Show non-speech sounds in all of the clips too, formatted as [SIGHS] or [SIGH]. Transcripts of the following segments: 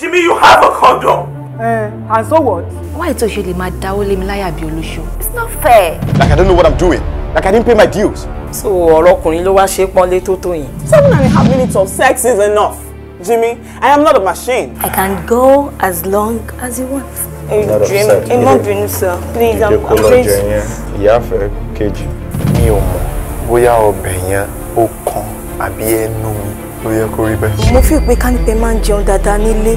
Jimmy, you have a condom. Uh, and so what? Why tó ṣe my máa dáwọ́ lé It's not fair. Like I don't know what I'm doing. Like I didn't pay my dues. So ọ̀rọ̀ ọkùnrin ló wá ṣe pọ́nlé tó tó yẹn. Seven and a half minutes of sex is enough. Jimmy, I am not a machine. I can go as long as you want. Jimmy, ẹ má bínú Please, I'm afraid. Ìyá fẹ́ kejì. Mi ò mọ̀ bóyá ọbẹ̀ yẹn ó kan àbí mi ló yẹ kó rí bẹ́ẹ̀. mo fi pé kánipẹ máa ń jẹun dáadáa nílé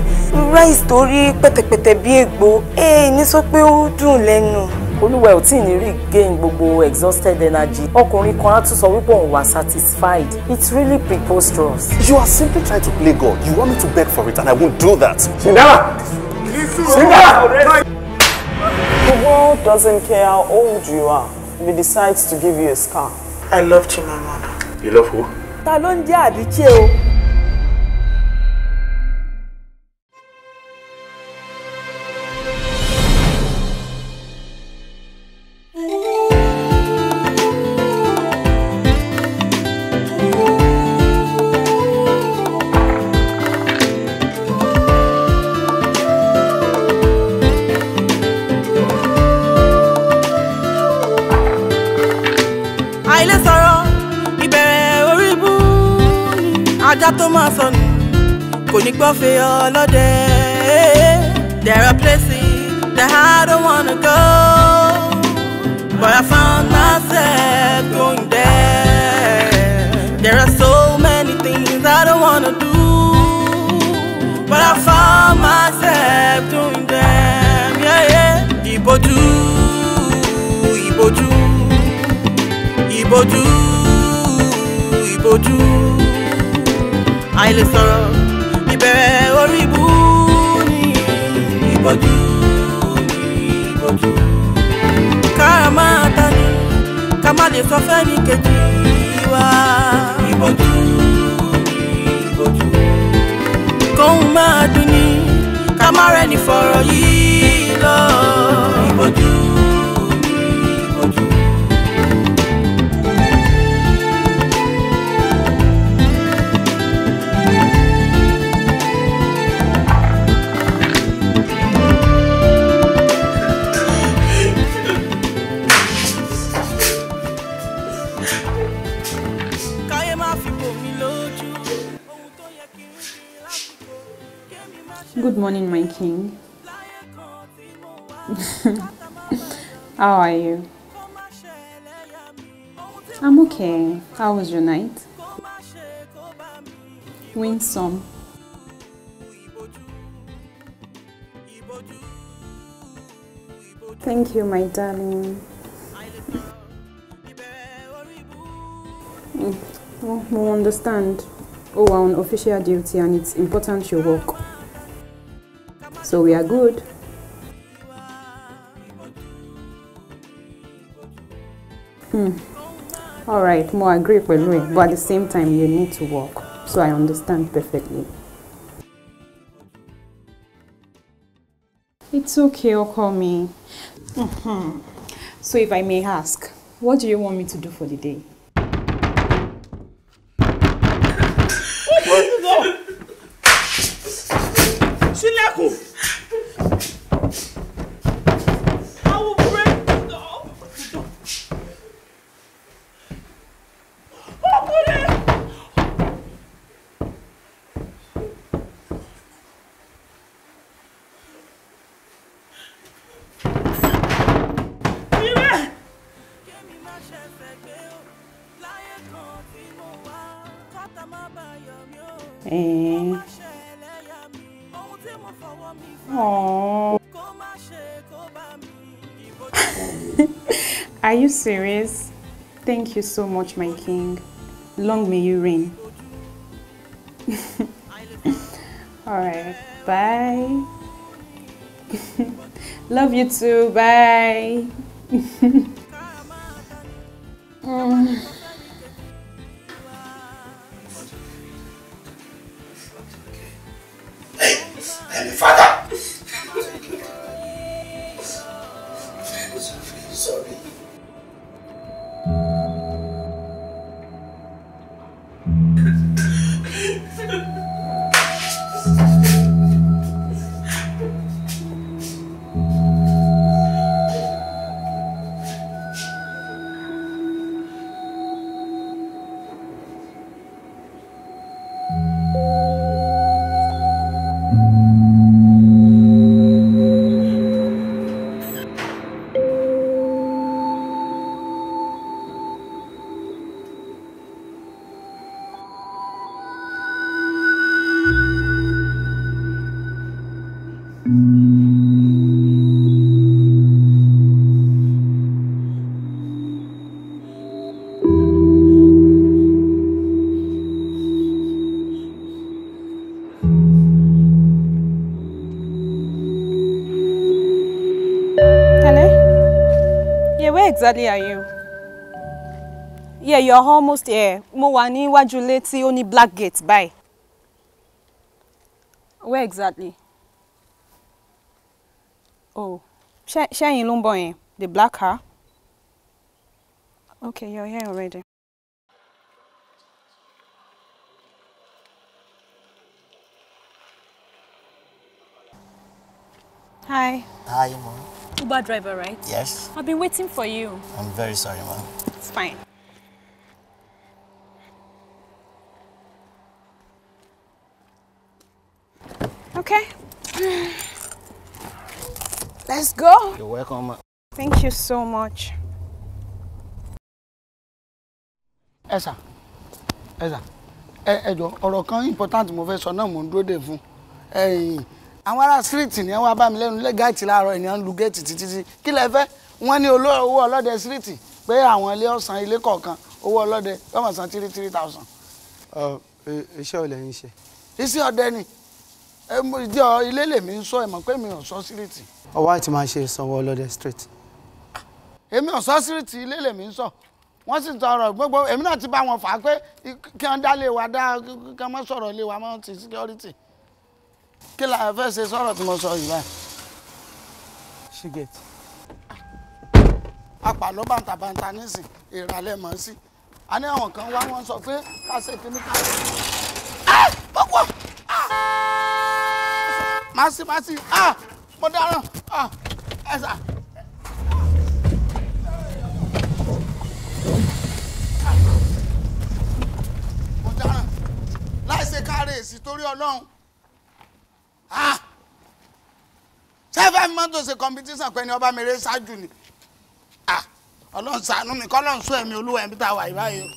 rice tó rí pẹ̀tẹ̀pẹ̀tẹ̀ bí ègbò ẹ ní sọ pé ó dùn lẹ́nu. olúwa ò tí ì ní regain gbogbo exhausted energy ọkùnrin kan á tún sọ wípé òun wà satisfied it's really preposterous. you are simply trying to play God you want me to beg for it and I won't do that. sindara sindara. the world doesn't care how old you are if it decides to give you a scar. I love you my mother. you love who ta ló ń jẹ́ àdìchẹ́ o. all day. There are places that I don't wanna go, but I found myself going there. There are so many things I don't wanna do, but I found myself doing them. Yeah, yeah. Ìbojú, ìbojú, ìbojú, ìbojú I listen. bojú ní bojú. ká ni ká má lè sọ fẹ́ni kejì wá. ìbojú ní bojú. ni ká má fọ̀rọ̀ yìí lọ. ìbojú Good morning, my king. [LAUGHS] How are you? I'm okay. How was your night? Winsome. Thank you, my darling. Mm. Oh, we understand. Oh, we're on official duty and it's important you work. So we are good. Hmm. All right, more agree pẹ̀lú ẹ̀ but at the same time you need to work so I understand perfectly. It's okay, ọkọ mi. Mm-hmm. So if I may ask, what do you want me to do for the day? Thank you so much, my king. Long may you reign. [LAUGHS] Alright, bye. [LAUGHS] Love you too, bye. [LAUGHS] Um, exactly are you? Yeah, you're almost here. Mo wà ní iwájú ilé black gate báyìí. Where exactly? Oh, ṣẹ́yìn ló ń bọ̀ the black car? Okay, you're here already. Hi. Hi, Mom. Uber driver, right? Yes. I've been waiting for you. I'm very sorry, ma'am. It's fine. Okay. [SIGHS] Let's go. You're welcome. ma'am. Thank you so much. Ẹ̀sà, Ẹ̀sà, eh, eh, ọ̀rọ̀ kan important mo fẹ́ sọ náà mo ń dúró dè àwọn ará síríìtì ni wọ́n bá mi lẹ́nu lé gáàtì láàárọ̀ ènìyàn ń lu géètì títí tí kí lẹ fẹ́ wọ́n ní owó ọlọ́dẹ síríìtì pé àwọn ilé ọ̀sán ilé kọ̀ọ̀kan owó ọlọ́dẹ yọmọ san three three thousand. E- iṣẹ́ ò lẹ́yìn iṣẹ́. iṣẹ́ ọdẹ ni ìjọ ilé lèmi ń sọ ẹ̀mọ́ pé mi ò sọ síríìtì. ọwọ́ àti máa ṣe ìsanwó ọlọ́dẹ street. èmi ò sọ síríìtì ilé lèmi ń sọ wọ́n sì tọrọ gbogbo èmi náà ti bá wọn fà á pé kí wọ́n dá wa dá kí wọ́n mọ́ sọ̀rọ̀ lé wa mọ́ ti security kí la fẹ́ ṣe sọ̀rọ̀ tí mo sọ yìí báyìí ṣì gẹ̀tì apàlọ́ bàǹtàbàǹtà nísìn ìrànlẹ̀ mọ̀ sí a ní àwọn kan wá wọn sọ pé ká ṣe kíní ká ṣe. gbogbo màsí màsí mo dáràn ẹ sà. mo dáràn láì ṣe káàrẹ̀ èsì torí ọlọ́run. Ah! sẹ́fẹ̀ mọ́tò ṣe kọmpitíṣàn competition ní ọba mi rẹ ṣáájú ni ah! ọlọ́run ṣàánú mi kọ́lọ́run sún ẹ̀mí olúwa ẹ̀mí tá a wà báyìí o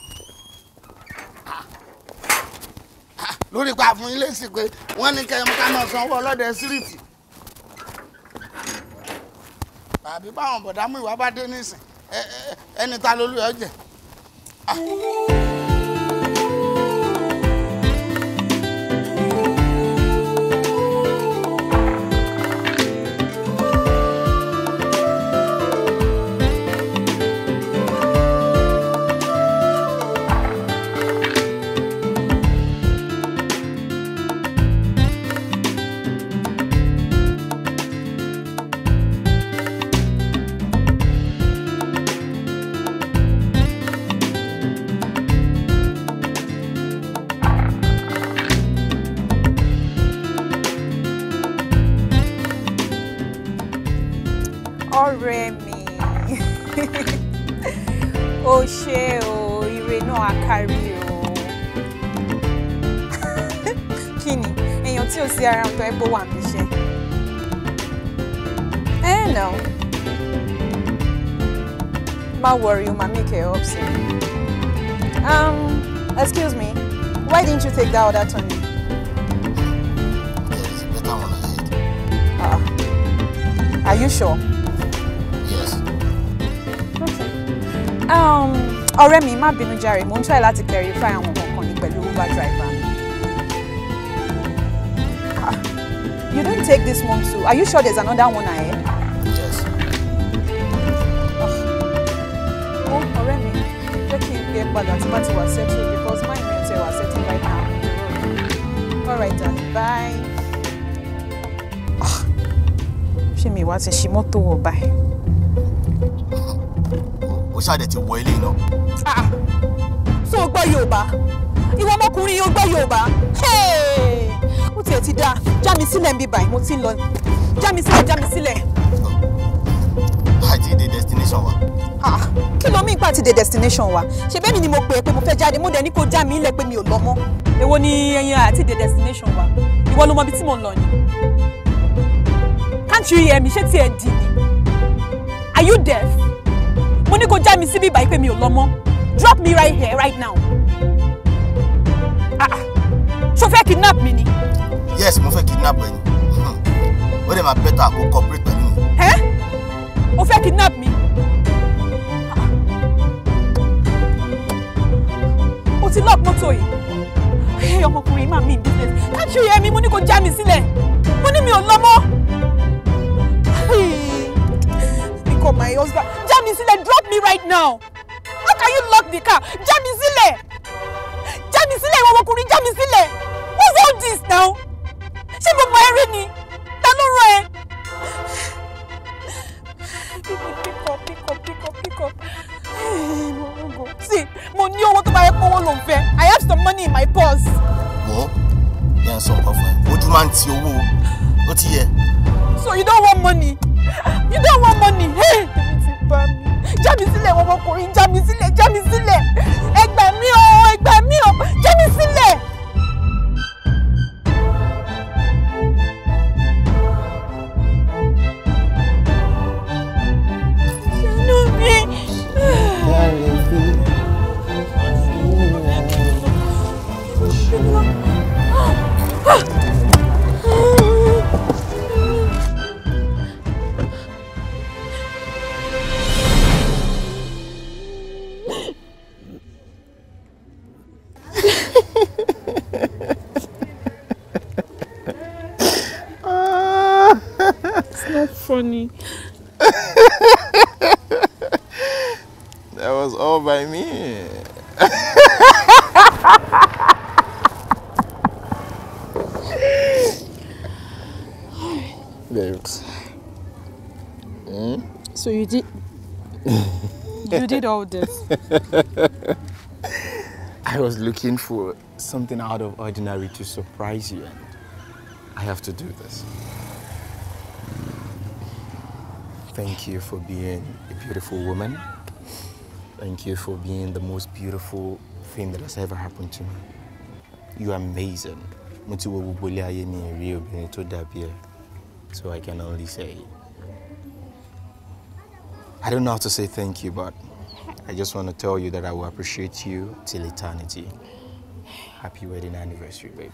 ah! lórí pa fún ilé sí pé wọ́n ní kẹ́hìn ká máa sanwó ọlọ́dẹ síríìtì bàbí báwọn bọ̀dá mú ìwà bá dé nísìn ẹni ta lolú ẹ jẹ. Okay, oops. Um, excuse me. Why didn't you take that other Tony? There is a better one ahead. Uh, are you sure? Yes. Okay. Um, ọ̀rẹ́ mi, binu bínú jàre, mo ń try láti clarify àwọn nǹkan ni pẹ̀lú Uber driver. Ah. You don't take this one too. Are you sure there's another one ahead? padà tí bá ti wà settle because my parents were settle right now all right darling bye. Ah, ṣé mi ìwà ti ṣe mọ́tò wọ̀ báyìí. o ṣáàdẹ̀ ti wọ ilé lọ. so ah, o gbọ́ Yorùbá ìwọ ọmọkùnrin yóò gbọ́ Yorùbá ó tiẹ̀ ti dáa já mi sílẹ̀ ń bí báyìí mo ti ń lọ já mi sílẹ̀ já mi sílẹ̀. kí ló mí pa ti dé destination wa ṣe bẹ́ẹ̀ ni mo pè é pé mo fẹ́ jáde mo dẹ̀ ní kó já mi lẹ̀ pé mi ò lọ mọ́. èwo ni ẹyin àti dé destination wa ìwọ ló mọ ibi tí mò ń lọ ni. can't you hear me ṣé tiẹ̀ dì ní. are you deaf? mo ní kó já mi síbí báyìí pé mi ò lọ mọ́ drop me right here right now. ah so ah. ṣo fẹ́ kidnap mi ni. yes mo fẹ́ kidnap ẹ ni hmm. ó dẹ̀ máa bẹ́tà kó cooperate pẹ̀lú mi. ẹ́ o fẹ́ kidnap mi. ti lock mọ́tò yìí. ẹ ọmọkùnrin máa mi in business can't you hear me mo ní kó já mi sílẹ̀ mo ní mi ò lọ́mọ́. because my husband já mi sílẹ̀ drop me right now how can you lock the car funny. that was all by me. Babes. Mm? So you did. you did all this. [LAUGHS] I was looking for something out of ordinary to surprise you, and I have to do this. Thank you for being a beautiful woman. Thank you for being the most beautiful thing that has ever happened to me. You are amazing. So I can only say, I don't know how to say thank you, but I just want to tell you that I will appreciate you till eternity. Happy wedding anniversary, baby.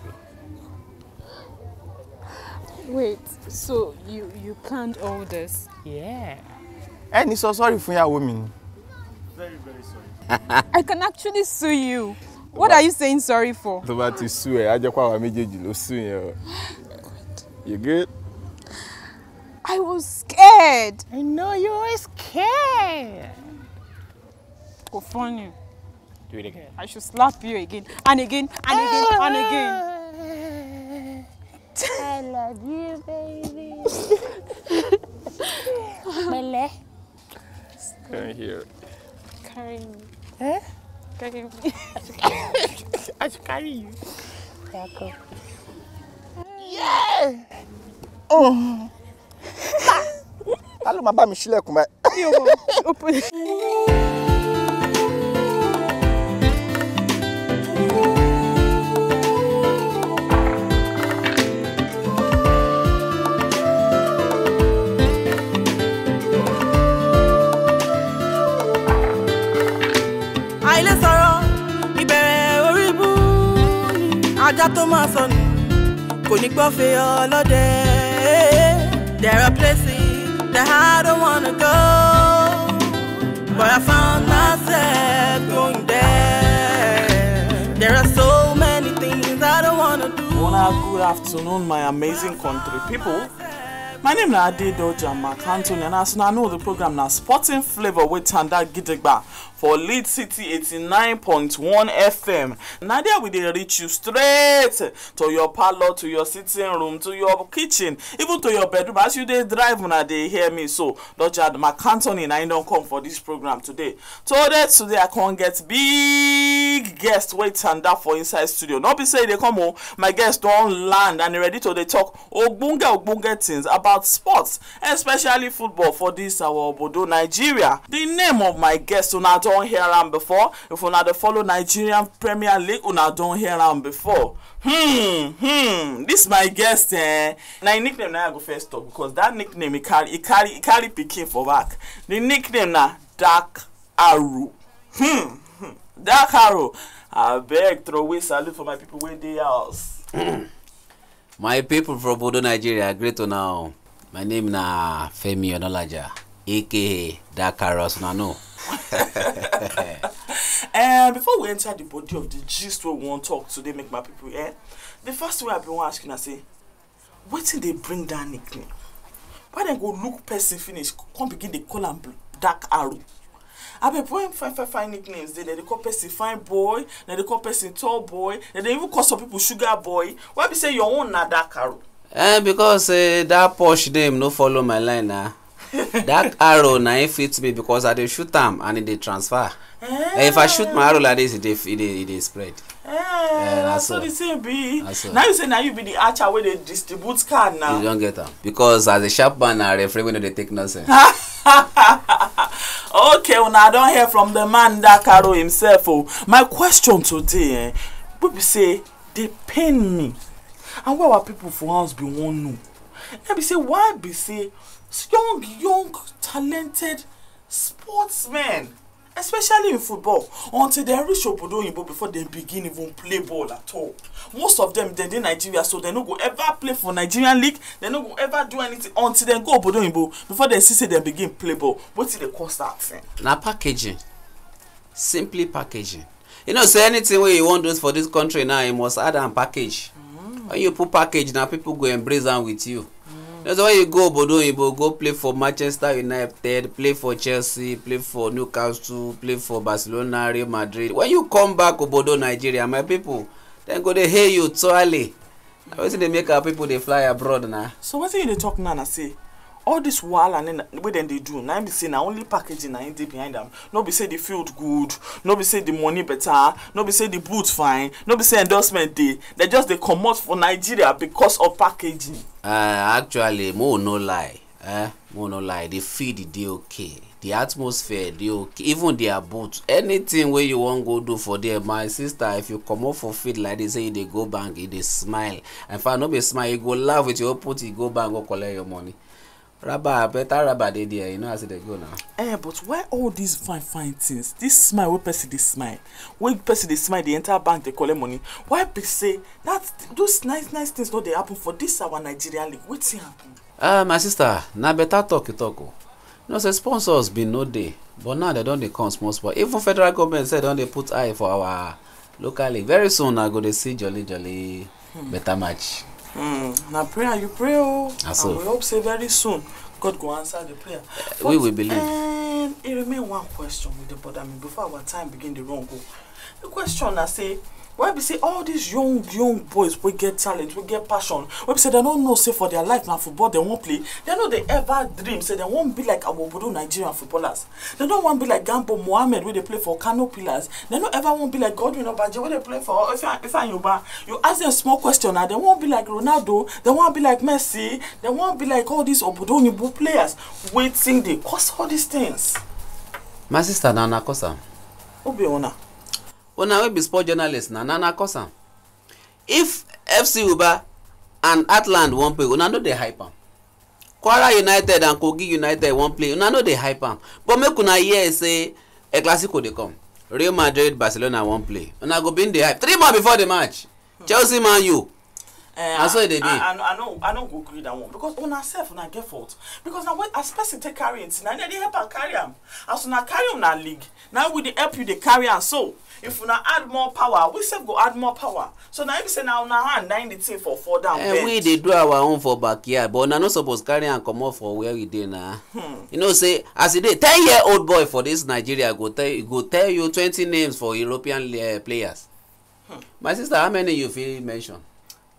Wait, so you you planned all this? Yeah. Ẹni so sorry for your woman. Very very sorry. [LAUGHS] I can actually sue you. What are you saying sorry for? Tó bá ti sue I just want to make you ló sue yẹn [GASPS] You good? I was scared. I know you were scared. Kò funny. Do it again. I should slap you again and again and again and again. Ah. I love you, baby. Pẹ̀lẹ́. Come here. Carry me. Eh? Carry me. I [LAUGHS] should carry you. Yeah, go. Yeah! Oh. Ta ló máa bá mi sílẹ̀kùn báyìí? Mi ò ajá tó máa sọnù kò ní gbọ́ fẹ́ ọlọ́dẹ. There are places that I don't wanna go, but I found myself going there. There are so many things I don't wanna do. Well, good afternoon, my amazing country people. My name is Adedoja Mark Anthony, and as you know the program na Sporting flavor with Tanda Gidigba for lead city 89.1 fm na there we dey reach you straight to your parlor, to your sitting room to your kitchen even to your bedroom as you dey drive una dey hear me so lorjad mcantony And I don't come for this program today So that today i come get big guest and tanda for inside studio Not be say they e come o my guest don't land and e ready to they talk ogbonge ogbonge things about sports especially football for this our Bodo nigeria the name of my guest una don. Don't hear am before if una dey follow nigerian premier league una don't hear am before hmm hmm this my guest eh na im nickname na i go first talk because that nickname e carry e carry e carry pikin for back the nickname na dark arrow hmm, hmm. dark arrow abeg throwaway salute for my people wey dey house. [CLEARS THROAT] my people from obodo nigeria great to know. my name na femi onolaja aka that carrot na no. uh, [LAUGHS] eh, before we enter the body of the gist wey we wan talk today make my people eh the first way i been wan ask una say wetin dey bring dat nickname why dem go look person finish come begin dey call am dark arrow abeg when fine fine fine nicknames dey dem dey call person fine boy dem dey call person tall boy dem dey even call some people sugar boy why be say your own na dark arrow. Eh, because uh, eh, that posh name no follow my line na. Ah that arrow na it fit me because i dey shoot am and e dey transfer eh, if i shoot my arrow like this e dey e dey e dey spread. Eh, na so the thing be now you say na you be the archer wey dey distribute card now. you don get am because as a sharp man na referee wey no dey take nonsense. [LAUGHS] okay una don hear from the man that arrow himself o oh. my question today eh, be say dey pain me and why our people for house be wan know and be say why be say young young talented sportsmen especially in football until they reach obodo oyinbo before they begin even play ball at all most of them, they're in nigeria so they no go ever play for nigerian league They no go ever do anything until they go obodo oyinbo before they see say dem begin play ball What wetin dey cause that thing. Now packaging simply packaging you know say anything wey want wan do for this country now you must add and package mm. when you put package now people go embrace them with you That's why you go Obodo Oyibo, go play for Manchester United, play for Chelsea, play for Newcastle, play for Barcelona, Real Madrid. When you come back Obodo Nigeria, my people, dem go dey hail you totally. Na wetin dey make our people dey fly abroad na. So wetin you dey talk now na say all this wahala na wey dem dey do na be say na only packaging na im dey behind am no be say the field good no be say the money better no be say the boot fine no be say endorsement dey dem just dey comot for nigeria because of packaging. Uh, actually mo no lie eh? mo no lie the feed dey okay the atmosphere dey okay even their boot anything wey you wan go do for there my sister if you comot for field like this say you dey go bank you dey smile in fact no be smile you go laugh with your open teeth go bank go collect your money. Rabba better rabba dey there you know as e dey go now. eh but why all these fine fine things this smile wey person dey smile wey person dey smile dey enter bank dey collect money why be say that those nice nice things no dey happen for this our Nigeria league wetin happen. ah uh, my sister na better talk you talk o oh. you know say sponsors bin no dey but now dem don dey come small small even federal government sef don dey put eye for our local league very soon i go dey see jolly jolly hmm. better match. Hmm, na prayer you pray oh and we hope say very soon god go answer the prayer but we will believe um, e remain one question we dey bother me before our time begin dey run go the question na say Where be say all these young young boys wey get talent wey get passion Where be say they don't know say for their life na football they won't play They know they ever dream say they won't be like awobodo nigerian footballers dem no wan be like gambo mohammed where they play for kano pillars They no ever wan be like godwin obaje where they play for ifeanyoba you ask them a small question na ah, they won't be like ronaldo They won't be like messi They won't be like all these obodo Nibu players waiting dey cause all these things. my sister Nana na cause am una wey be sport journalist na nana cause am if fc uba and atland wan play una no dey hype am kwara united and kogi united wan play una no dey hype am but make una hear say eclasico dey come real madrid barcelona wan play una go bin dey hype three months before the match hmm. chelsea man u na so e dey be i no i no go gree that one because una sef una get fault because now, when as person take carry im thing na dey help am carry am as una carry am na league Now with the help you dey carry am so if we una add more power we self go add more power so now if say na una hand na the team for four down eh, bend. we dey do our own for backyard but una no supposed carry and come off for where we dey na. Hmm. you know say as e dey ten year old boy for this nigeria go tell go tell you twenty names for european uh, players. Hmm. my sister how many you feel mention.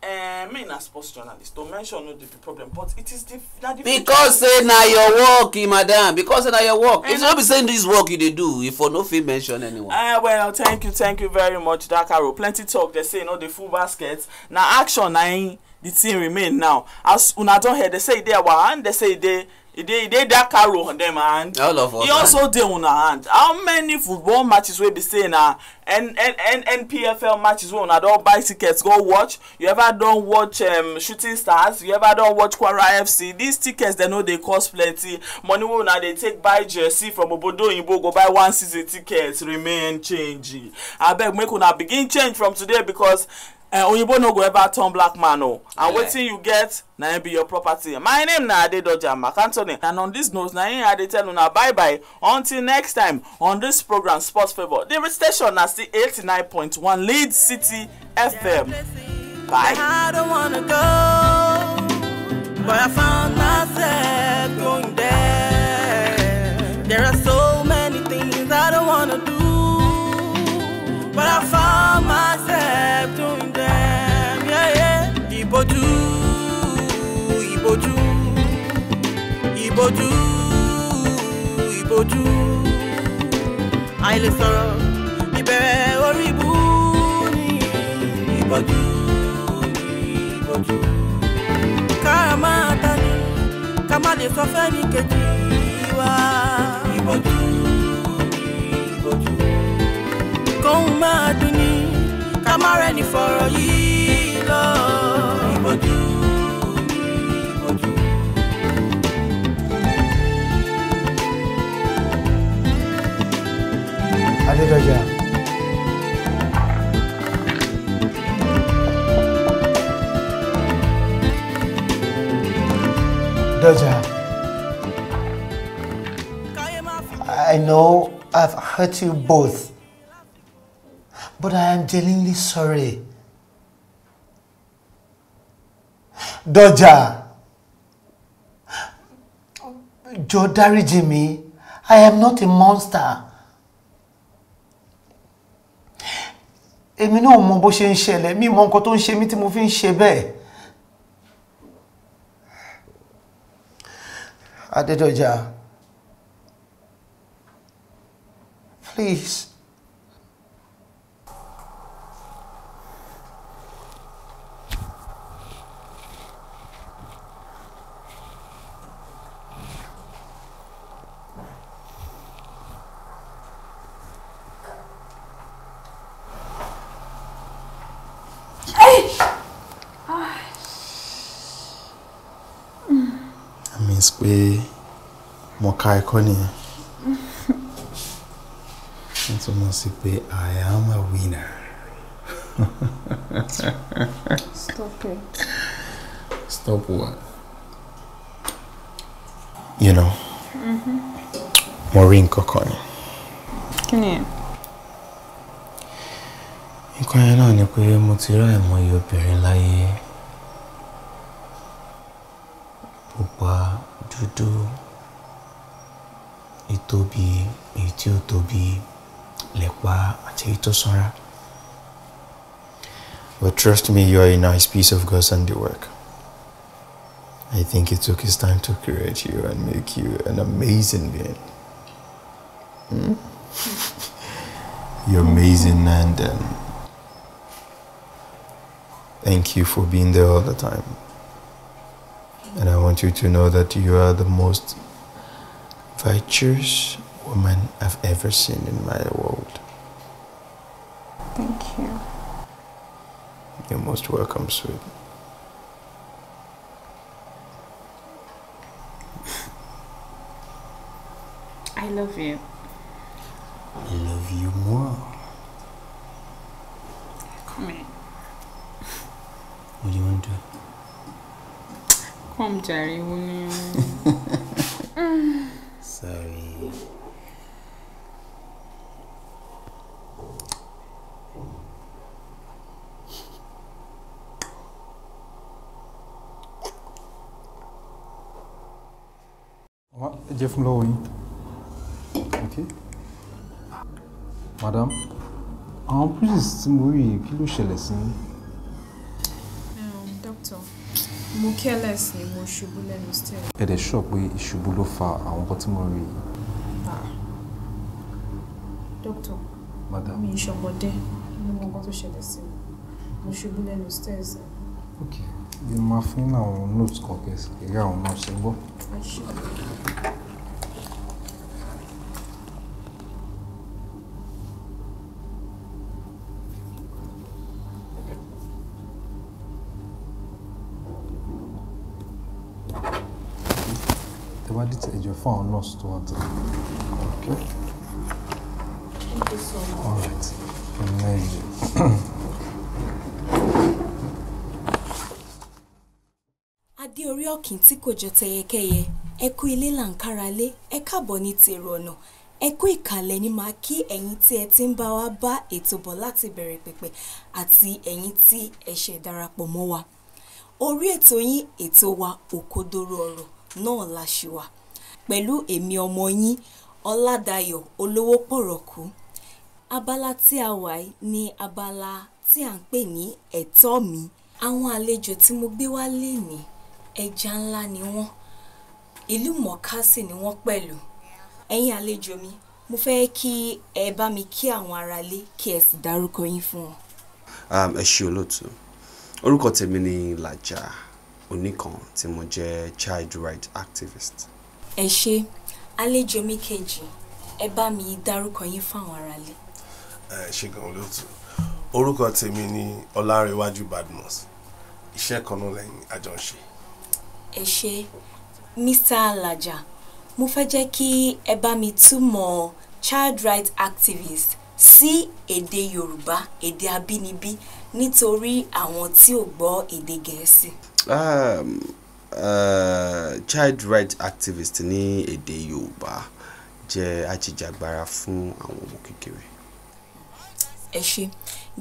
Uh, me na sports journalist to mention no dey be problem but it is the na the. because say na your work eh, madam because say na your work if eh, no be say this work you dey do you for no fit mention anyone. Uh, well thank you thank you very much dakaro plenty talk dey say you know the full basket na action na im the thing remain now as una don hear dey say e dey our hand dey say e dey e dey that carol on dem hand e also dey on her hand how many football matches wey be say na npfl matches wey una don buy tickets go watch you ever don watch um, shooting stars you ever don watch kwara fc these tickets dem no dey cost plenty money wey una dey take buy jersey from obodo oyinbo go buy one season ticket remain change abeg make una begin change from today because uh, oyinbo no go ever turn black man o and yeah. wetin you get na be your property my name na adedoja mcantony and on this note na him i tell you una bye bye until next time on this program sports favour the station na the 89.1 nine lead city fm bye. I don't wanna go, but I found myself going there. There are so many things I don't wanna do, but I found myself doing. ìbojú ìbojú àìlè sọ̀rọ̀ ìbẹ̀rẹ̀ orí ibú ni ìbojú ìbojú kára máa ta ni ká má lè sọ fẹ́ni kejì wa ìbojú ìbojú kóun máa dùn ni ká má rẹ́ni fọ̀rọ̀ yìí lọ ìbojú. Adédọjà. Dọjà. I know I've hurt you both, but I am genuinely sorry. Doja. Jọ̀ọ́ dáríjì mi. I am not a monster. èmi náà mọ bó ṣe ń ṣẹlẹ̀ mi mọ nǹkan tó ń ṣe mí tí mo fi ń ṣe bẹ́ẹ̀. Adédọ̀jà please means pé mo ka ẹ̀kọ́ nìyẹn wọ́n túmọ̀ sí pé I am a winner. Stop it. Stop what? You know. Mm-hmm. Mo rí nǹkan kan ni. Kí ni ẹ̀? Nǹkan yẹn náà ni pé mo ti rá ìmọ̀ye obìnrin láyé. dúdú ìtóbi èyí tí ó tóbi lẹ́pa àti èyí tó sanra. But trust me, you are a nice piece of God's handiwork. I think He took His time to create you and make you an amazing being. Hmm? You're amazing, and um, thank you for being there all the time. And I want you to know that you are the most virtuous woman I've ever seen in my world. Thank you. You're most welcome, sweet. I love you. I love you more. Come in. What do you want to do? Come, Jerry, will [LAUGHS] you? Sorry. Jeff fún ok, Madame, okay madam àwọn priest tí mo rí yìí kí mo careless ni mo ṣubú lẹ́nu stair. ẹ dẹ̀ sọ pé ìṣubú ló fa àwọn nǹkan tí mo rí yìí. Ah. doctor madam mi ìṣọmọdé mo mọ nǹkan tó ṣẹlẹ̀ sí mi mo ṣubú lẹ́nu stairs. ok ẹ máa fún àwọn notes kọ̀ọ̀kẹ́ sí eré àwọn náà ṣe gbọ́. ẹ ṣe. fún àwọn nurse tó wà tẹ. okay. thank you so much. all right. adé orí ọ̀kín tí kò jọ tẹyẹkẹyẹ ẹ kú ilé là ń kára lé ẹ káàbọ̀ ní tèrò ọ̀nà ẹ kú ìkàlẹ̀ ni màá kí ẹ̀yin tí ẹ ti ń bá wa bá ètò bọ̀ láti bẹ̀rẹ̀ pẹ̀pẹ̀ àti ẹ̀yin tí ẹ darapọ̀ mọ́ wa orí ètò yín ètò wa òkodoro ọ̀rọ̀ náà la ṣì wà pẹ̀lú èmi ọmọ yín Ọládayọ̀ Olówópọ̀rọ̀kú abala tí a wà yìí ni abala tí à ń pè ní ẹ̀tọ́ mi àwọn àlejò tí mo gbé wá lénìí ẹja ńlá ni wọ́n ìlú mọ̀ọ́ká sì ni wọ́n pẹ̀lú ẹ̀yin àlejò mi mo fẹ́ kí ẹ bá mi kí àwọn aráalé kí ẹ sì dárúkọ yín fún wọn. ẹ ṣé olóòtú orúkọ tèmi ni Làjà Oníkan tí mo jẹ́ child right activist ẹ ṣe àlejò mi kejì ẹ bá mi dárúkọ yín fáwọn aráalé. ẹ ṣe gan olóòtú orúkọ tèmi ni ọlárẹwájú badmus iṣẹ́ kan náà lẹ́yìn àjọṣe. ẹ ṣe mr alaja mo fẹ́ jẹ́ kí ẹ bá mi túmọ̀ child rights activist sí èdè yorùbá èdè abínibí nítorí àwọn tí ò gbọ́ èdè gẹ̀ẹ́sì. Um uh, child rights activist ní èdè Yorùbá jẹ́ ajìjàgbara fún àwọn ọmọ kékeré. ẹ ṣe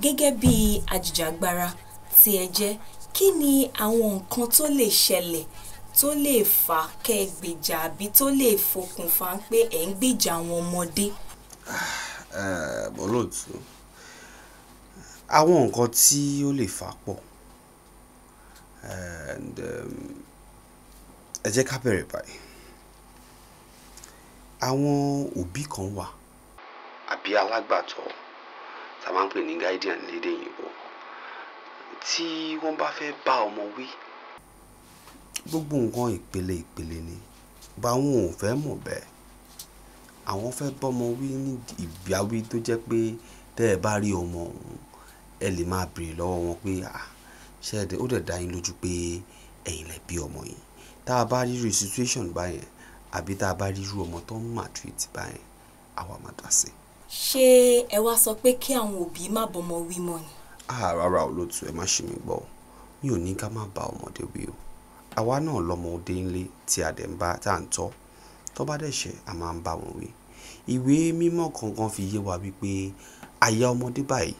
gẹ́gẹ́ bí ajìjàgbara tí ẹ jẹ́ kí ni àwọn nǹkan tó lè ṣẹlẹ̀ tó lè fà kẹ́ ẹ gbèjà àbí tó lè fokùnfà pé ẹ̀ ń gbèjà àwọn ọmọdé. Eh, bọ́lọ́tù àwọn nǹkan tí ó lè fà pọ̀ and um, ẹ jẹ́ ká bẹ̀rẹ̀ báyìí àwọn òbí kan wà àbí alágbàtọ́ tá a máa ń pè ní guardian lédè òyìnbó tí wọ́n bá fẹ́ bá ọmọ wí. gbogbo nǹkan ìpele ìpele ni bá wọn ò fẹ́ mọ̀ bẹ́ẹ̀ àwọn fẹ́ bọ́mọ wí ní ìbáwí tó jẹ́ pé tẹ́ ẹ bá rí ọmọ ọ̀hún ẹ lè máa béèrè lọ́wọ́ wọn pé ṣé ó dẹ̀ dá yín lójú pé ẹ̀yin lẹ bí ọmọ yìí tá a bá rírú situation báyẹn àbí tá a bá rírú ọmọ tó ń maltreat báyẹn àwa máa dá sí. ṣé ẹ wá sọ pé kí àwọn òbí má bọmọ wí mọ́ ni. rárá olóòtú ẹ má ṣe mí gbọ́ mi ò ní ká má bá ọmọdé wí o àwa náà lọmọdé ńlé tí a dẹ̀ ń bá tá à ń tọ́ tó bá dẹ̀ ṣe a máa ń bá wọn wí ìwé mímọ́ kankan fi yé wa wípé àyà ọmọdé báyìí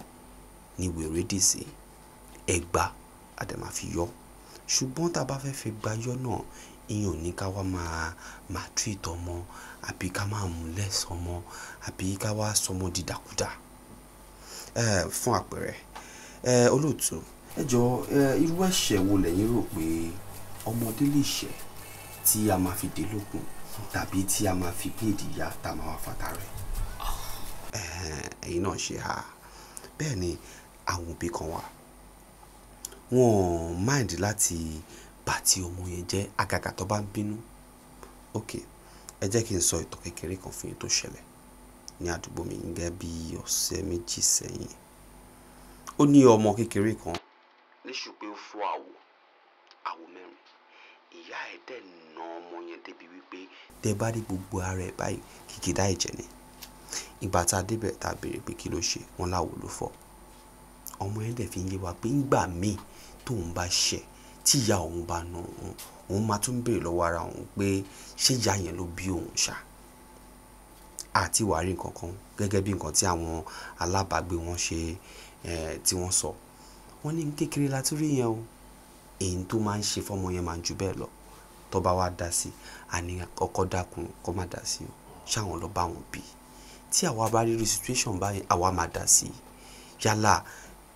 ni wèrè dì sí ẹgbàá a ṣùgbọ́n tá a bá fẹ́ fi gbayọ́ náà ìyẹn ò ní ká wá máa máa tú ìtọ́ ọmọ àbí ká máa múlẹ̀ sọmọ àbí ká wá sọmọ dìdàkudà fún àpẹẹrẹ olóòtú ẹ jọ irú ẹ̀ṣẹ̀ wo lẹ́yìn rò pé ọmọdé lè ṣẹ̀ tí a máa fi dé lókun tàbí tí a máa fi bí ìdíyà tá a máa wá fata rẹ̀ ẹ̀yin náà ṣe ha bẹ́ẹ̀ ni àwọn òbí kan wà wọn ò mind láti bà tí ọmọ yẹn jẹ́ àgàgà tó bá ń bínú ok ẹ jẹ́ kí n sọ ìtàn kékeré kan fún yín tó ṣẹlẹ̀ ní àdúgbò mi gẹ́gẹ́ bí ọ̀sẹ̀ méjì sẹ́yìn ó ní ọmọ kékeré kan níṣù pé ó fọ́ àwọ̀ àwọ̀ mẹ́rin ìyá ẹ̀ dẹ̀ nà ọmọ yẹn débi wípé tẹ bá rí gbogbo ara ẹ̀ báyìí kìkìdá ẹ̀jẹ̀ ni ìgbà tá a débẹ̀ tá a béèrè pé kí ló ṣe wọn láwo ló fọ́ ọmọ yẹn dẹ̀ fi ń yé wa pé ńgbà míì tóun bá ṣẹ̀ tí ìyá òun bá nu òun òun máa tún béèrè lọ́wọ́ ara òun pé ṣé ìyá yẹn ló bí òun ṣá àti wàá rí nǹkan kan gẹ́gẹ́ bí nǹkan tí àwọn alábàágbé wọn ṣe tí wọ́n sọ wọ́n ní kékeré la tún rí yẹn o èyí tó máa ń ṣe fọ́mọ yẹn máa ń ju bẹ́ẹ̀ lọ tó bá wá dá sí àní ọkọ dákun kó má dá sí o ṣáwọn lọ bá wọn bí tí àwa bá rí situation báyìí àwa máa dá sí yálà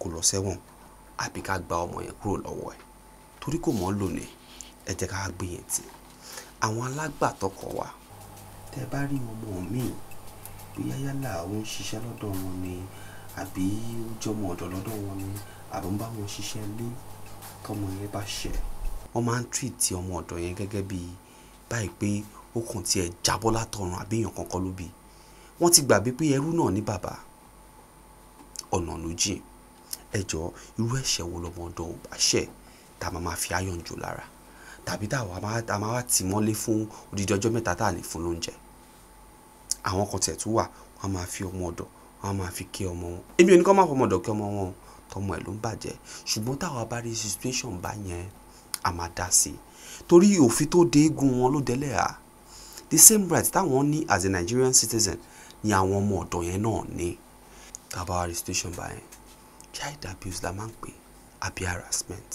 kò lọ sẹ́wọ̀n àbí ká gba ọmọ yẹn kúrò lọ́wọ́ ẹ̀ torí kò mọ́ lò ní ẹ jẹ́ ká gbé àwọn alágbàtọ́kọ̀ wa tẹ bá rí ọmọ mi bóyá yálà ó ń ṣiṣẹ́ lọ́dọ̀ wọn ni àbí ó jọmọ ọ̀dọ̀ lọ́dọ̀ wọn ni àbí ń bá wọn ṣiṣẹ́ lé tọmọ yẹn bá ṣẹ. wọ́n máa ń tírìtì ọmọ ọ̀dọ̀ yẹn gẹ́gẹ́ bí báyìí pé ó kàn tiẹ̀ jábọ́ látọ̀run àbí èèyàn kankan ló wọ́n ti gbàgbé pé ẹrú náà ní bàbá ọ̀nà ló jìn ẹ jọ irú ẹ̀ṣẹ̀ wo lọ́mọdọ̀ ò bá ṣẹ̀ tá a máa fi iron jù lára tàbí tá a máa wá tì mọ́lé fún odidi ọjọ́ mẹ́ta tá a lè fún lóúnjẹ àwọn kan tẹ̀ tún wà wọ́n á máa fi ọmọ ọ̀dọ̀ wọ́n á máa fi kí ọmọ wọn èmi ò ní kọ́ máa fọmọ ọ̀dọ̀ kí ọmọ wọn tọmọ ẹ̀ ló ń bàjẹ́ ṣùgbọ́n táwa bá rí situation bá yẹn a máa dá sí i torí òfin tó dé eégún wọn ló délẹ̀ à the same right táwọn ní as a Nigerian citizen ni àwọn ọmọ ọ̀dọ̀ yẹn náà ní táwa bá rí situation bá yẹn child abuse la máa ń pè àbí harassment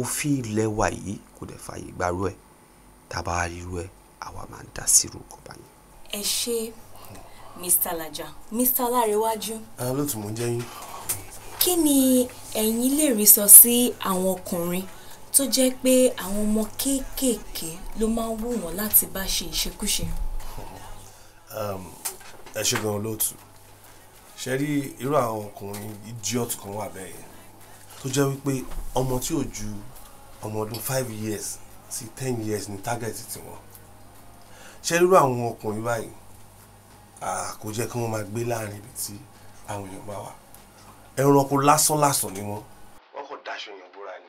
òfin ilé wa yìí kò dẹ̀ fààyè gbàrú ẹ̀ tábà ríru ẹ̀ àwa máa ń dá sírú kọba yẹn. ẹ ṣe mr laja mr alárewájú. ara ló tún mú jẹ́ yín. kí ni ẹ̀yin lè rí sọ sí àwọn ọkùnrin tó jẹ́ pé àwọn ọmọ kéékèèké ló máa ń wù wọ́n láti bá ṣe ìṣekúṣe. ẹ ṣe gan-an lóòtú ṣe rí irú àwọn ọkùnrin idiot kan wà bẹ́ẹ̀ yẹn tó jẹ́ wípé ọmọ tí ò ju ọmọ ọdún five years sí ten years ní target tiwọn ṣe irú àwọn ọkùnrin báyìí kò jẹ́ kí wọ́n máa gbé láàrin ibi tí àwọn èèyàn bá wà ẹranko lásán lásán ni wọ́n wọ́n kò daṣọ èèyàn búra ni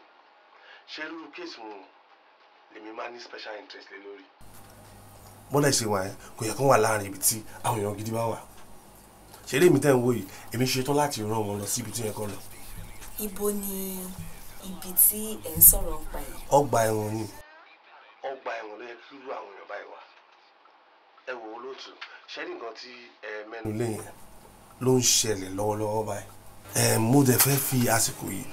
ṣe irú kéèsì wọn lèmi máa ní special interest lé lórí. bọ́lá ìṣèwà yẹn kò yẹ kí wọ́n wà láàrin ibi tí àwọn èèyàn gidi bá wà ṣeré mi tẹ́ ń wò yìí èmi ṣetán láti rán wọn lọ síbi tí yẹn kọ́ lọ. ibo ni ibi tí ẹ̀ ń sọ̀rọ̀ ń pa yìí. ọgbà ẹ̀wọ̀n ni. ọgbà ẹ̀wọ̀n ló yẹ kí irú àwọn èèyàn báyìí wà. ẹ wò ó lóòtú ṣé ní tí ẹ mẹ́nu lé yẹn ló ń ṣẹlẹ̀ lọ́wọ́lọ́wọ́ báyìí. ẹ mo dẹ̀ fẹ́ fi àsìkò yìí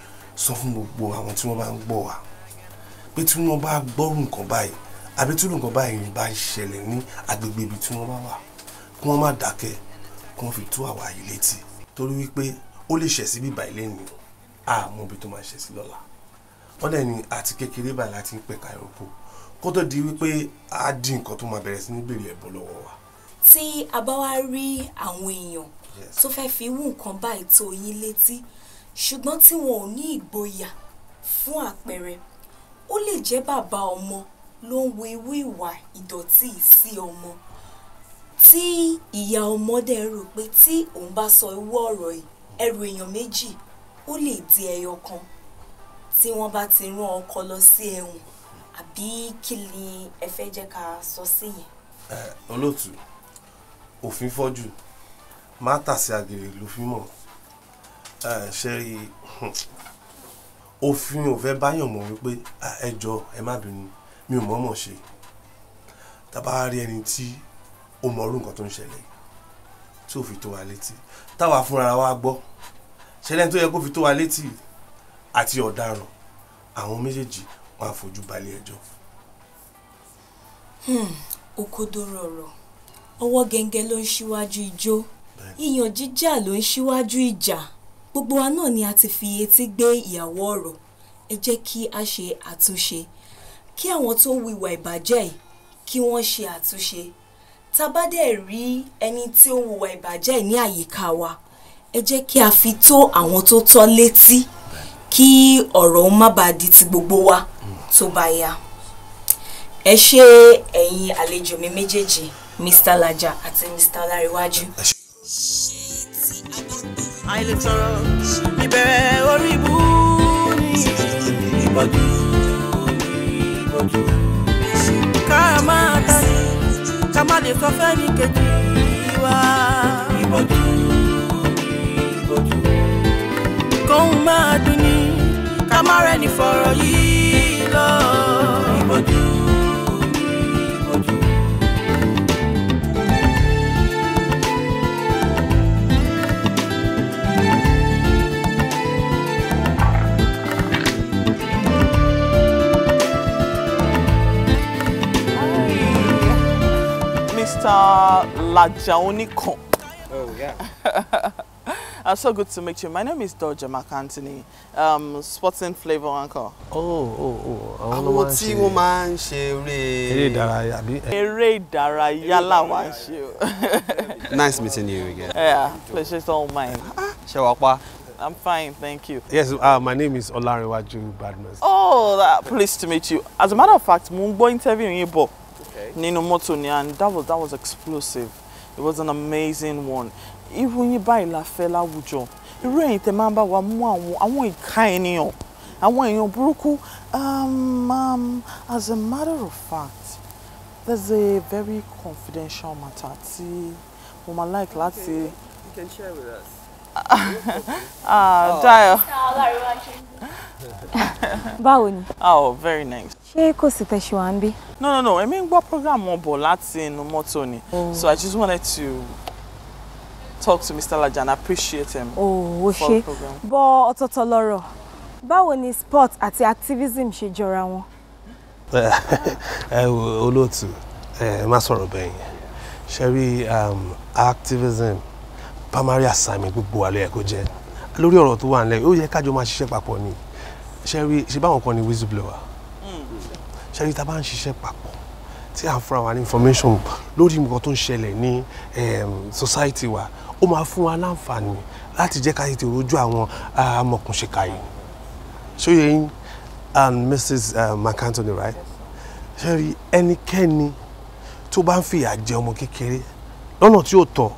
sọ fún gbogbo àwọn tí wọ́n bá ń gbọ́ wa pé tí wọ́n bá gbọ́rù nǹkan báyìí àbí tí nǹkan báyìí bá ń ṣẹlẹ̀ ní agbègbè ibi tí wọ́n bá wà kí wọ́n má dákẹ́ kí wọ́n fi tú àwa yìí létí torí wípé ó lè ṣẹ̀ sí bíbá ilé ni àmọ́ ibi tó máa ṣẹ̀ sí lọ́la wọ́n dẹ̀ ní àti kékeré báyìí láti ń pẹ̀ka ìrókò kó tó di wípé a dín nǹkan tó máa bẹ̀rẹ̀ sí ní bèrè ẹ̀bùn lọ́wọ́ wa. tí a bá wá rí àwọn èèyàn tó fẹ́ fi wú nǹkan báyìí tó yín létí ṣùgbọ́n tí wọn ò ní ìgboyà fún àpẹẹrẹ ó lè jẹ́ bàbá ọmọ ló ń wo ewu ìwà ìdọ̀tí sí ọmọ tí ìyá ọmọdé rò pé tí òun bá sọ irú ọ̀rọ̀ yìí ẹrù èèyàn méjì ó lè di ẹyọ kan tí wọ́n bá ti rán ọkọ lọ sí ẹ̀wọ̀n àbí kí ni ẹ fẹ́ jẹ́ ká sọ sí yẹn. olóòtú òfin fọ́jú má tàsí àgèrè ló fi mọ̀ ṣe rí òfin ò fẹ́ báyọ̀ mọ̀ wípé ẹ jọ ẹ má bínú mi ò mọ̀ọ́mọ̀ ṣe tá a bá rí ẹni tí ó mọ irú nǹkan tó ń ṣẹlẹ̀ tí ò fi tó wa létí táwa fúnra wa gbọ́ ṣẹlẹ̀ tó yẹ kó fi tó wa létí àti ọ̀daràn àwọn méjèèjì wọn á fojú balẹ̀ ẹjọ́. òkodoro hmm, ọwọ́ gẹ́gẹ́ ló ń ṣíwájú ijó ìyàn jíjà ló ń ṣíwájú ìjà gbogbo wa náà ni a ti fi etí gbé ìyàwó ọ̀rọ̀ ẹ jẹ́ kí a ṣe àtúnṣe kí àwọn tó wíwà ìbàjẹ́ yìí kí wọ́n ṣe àtúnṣe tá a bá dẹ̀ rí ẹni tí ó ń hùwà ìbàjẹ́ ní àyíká wa ẹ jẹ́ kí a fi tó àwọn tó tọ́ létí kí ọ̀rọ̀ má bàa di ti gbogbo wa tó bá yá ẹ ṣé ẹ̀yin àlejò mi méjèèjì Mr. Laja àti Mr. Ọlárẹ̀wájú. àìlètọ̀rọ̀ ìbẹ̀rẹ̀ orí ibú ni ìbọ̀jú ìbọ̀jú ká máa ta lè sọ fẹ́ni kejì wa. ìbòjú ìbòjú. kóun máa dùn ká má rẹ́ni fọ̀rọ̀ yìí lọ. ìbòjú. Mr. Lajaoni Kon. Oh, yeah. uh, [LAUGHS] so good to meet you. My name is Doja McAntony, um, sports and flavor anchor. Oh, oh, oh. oh Àwọn tí wọ́n máa ń ṣe eré. Eré ìdárayá bí. Eré ìdárayá làwọn ń ṣe. [LAUGHS] Nice meeting you again. Yeah, pleasure is all mine. Ṣé wàá I'm fine, thank you. Yes, uh, my name is Olarinwaju Badmus. Oh, uh, pleased to meet you. As a matter of fact, mo going to interview you bọ̀. Okay. Nínú mọ́tò and that was that was explosive. It was an amazing one. Irú yín buy la fẹ́ láwùjọ. Irú ẹ̀yin Remember, máa ń bá wa mú àwọn àwọn ìka ènìyàn àwọn èèyàn Um, um, as a matter of fact, there's a very confidential matter See, mo máa like láti. You can share with us. [LAUGHS] ah, Dayo. [LAUGHS] Báwo ni? Oh, very nice ṣé kò sì tẹ̀sí wa ń bí. no no no èmi ń gbọ́ program wọn bọ̀ láti inú mọ́tò ni oh. so i just wanted to talk to Mr. Laja and appreciate him oh, for the program. bọ ọ̀tọ̀ọ̀tọ̀ lọ́rọ̀ báwo ni sport àti activism ṣe jọra wọn. ẹ [LAUGHS] wo eh, olóòtú ẹ eh, má sọ̀rọ̀ bẹ́ẹ̀ ṣe rí um, activism primary assignment gbogbo àlọ́ ẹ̀ kó jẹ́ lórí ọ̀rọ̀ tó wà nílẹ̀ ó yẹ kájọ máa ṣiṣẹ́ papọ̀ ni ṣe rí ṣe báwọn kan ni whistleblower ṣẹ́rí tá a bá ń ṣiṣẹ́ papọ̀ tí a fúnra wa ní information lórí nǹkan tó ń ṣẹlẹ̀ ní ehm, society wa ó máa fún wa láǹfààní láti jẹ́ ká tètè rojú àwọn amọ̀kùnṣèkà yìí ṣóyè yín and Mrs. Uh, eh, McAntony right ṣẹ́rí ẹnikẹ́ni tó bá ń fìyà jẹ ọmọ kékeré lọ́nà tí ó tọ́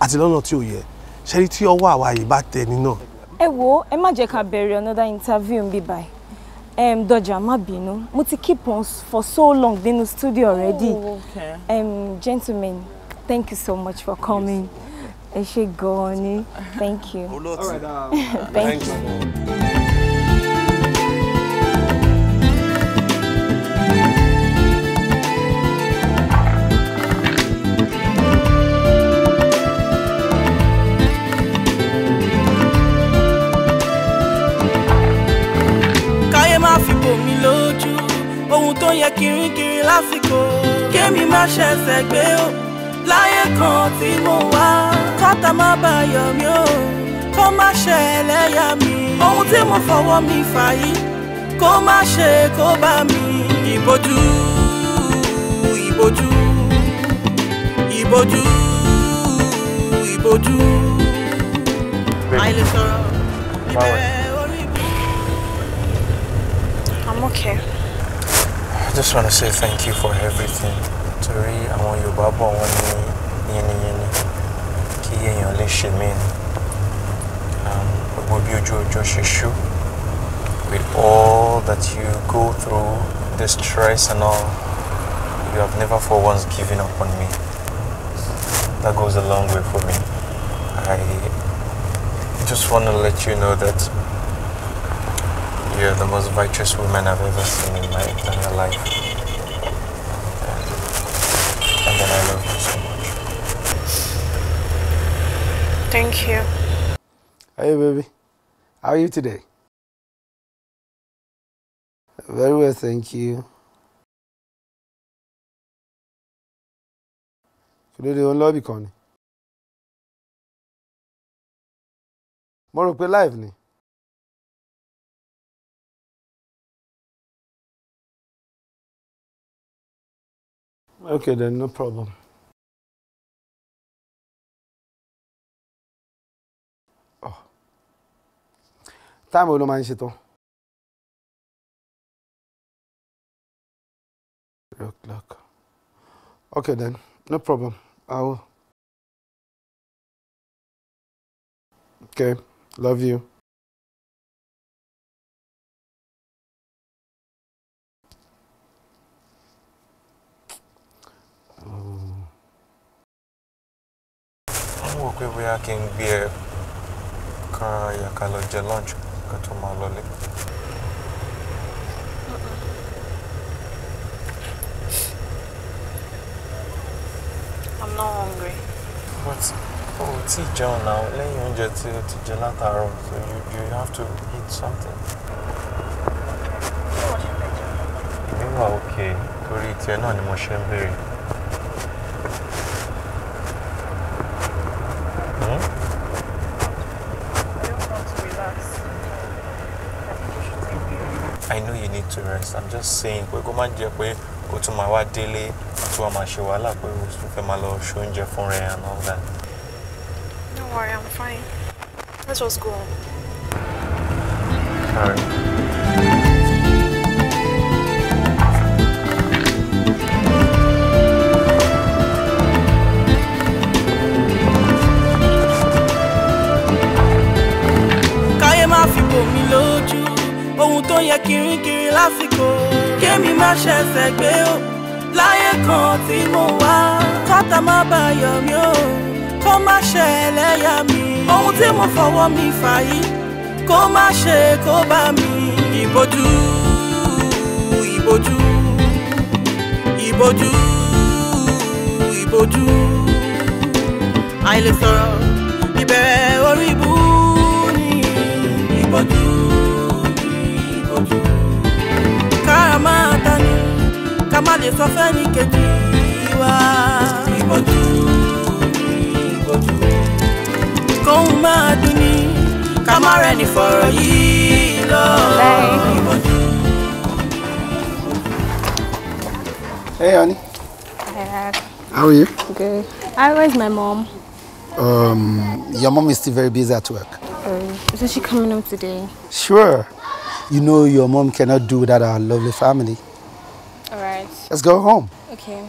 àti lọ́nà tí ó yẹ ṣẹ́rí tí ọwọ́ àwa yìí bá tẹ̀ ní náà. ẹ wo ẹ má jẹ́ ká bẹ̀rẹ̀ another interview ń bí báyìí Um, Dodger, má bínú. Mo ti keep on for so long nínú studio already. Oh, okay. Um, gentlemen, thank you so much for coming. Yes. goni. Thank you. All right, uh, [LAUGHS] thank, thank you. you. yẹ kirikiri lásìkò kémi má ṣẹ̀ṣẹ̀ gbé o láyé kan tí mo wá kọ́tà má bà yọ̀ mí o kó má ṣe ẹlẹ́yà mi ohun tí mo fọwọ́ mi fà yìí kó má ṣe kó bá mi ìbojú ìbojú ìbojú ìbojú àìlè sọ̀rọ̀ ìbẹ̀rẹ̀ I'm okay. I just want to say thank you for everything torí want Yorùbá bọ̀ wọ́n ní yínníyínní kí èèyàn Ki ṣe mí ni um, gbogbo bí ojú ọjọ́ ṣe ṣú with all that you go through the stress and all you have never for once given up on me that goes a long way for me I just want to let you know that you're the most righteous woman I've ever seen in my entire life. And, uh, and then I love you so much. Thank you. Hey, baby. How are you today? Very well, thank you. kí ló dé ó ń lọ́ọ̀bì kan ni. mo rò pé live ni. Okay then, no problem. Oh, time will manage it all. Look, look. Okay then, no problem. I will. Okay, love you. wò pé bóyá kí n gbé ẹ kan àyàká lọ jẹ lunch kó tó máa lọlé. I'm not hungry. But oh, ti John now. Let oúnjẹ tí o ti jẹ látàárọ̀ so you, you have to eat something. Ìgbéwà òkè torí tiẹ̀ náà ni mo ṣe ń béèrè. to rest i'm just saying pé kó má jẹ́ pé o tún máa wá délé tí wọ́n máa ṣe wàhálà pé o tún fẹ́ máa lọ ṣe fún rẹ and all that. no worry i'm fine let's just go home. All right. ohun tó yẹ kiri lásìkò kémi má ṣẹ̀ṣẹ̀ gbé o láyé kan tí mo wá kátà má bàyọ̀ mi o kó má ṣe ẹlẹ́yà mi ohun tí mo fọwọ́ mi fà yìí kó má ṣe kó bá mi. ìbojú ìbojú ìbojú ìbojú àìlè sọ̀rọ̀ ìbẹ̀rẹ̀ orí ibú. sọ ká má fọ̀rọ̀ lọ. Hey, honey. Hi, uh, How are you? Good. Hi, where's my mom? Um, your mom is still very busy at work. Oh, isn't she coming home today? Sure. You know your mom cannot do without our lovely family. Let's go home. Okay.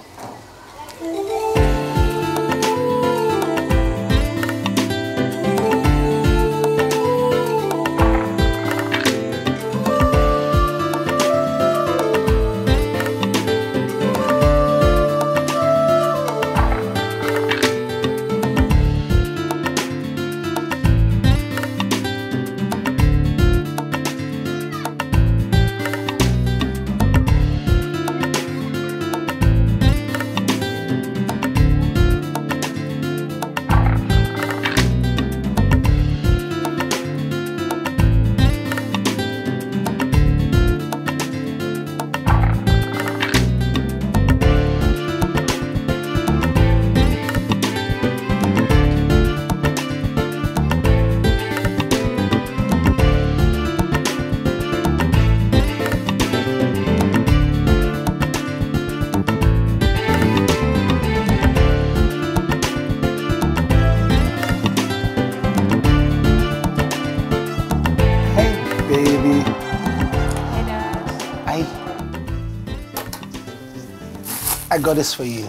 got this for you.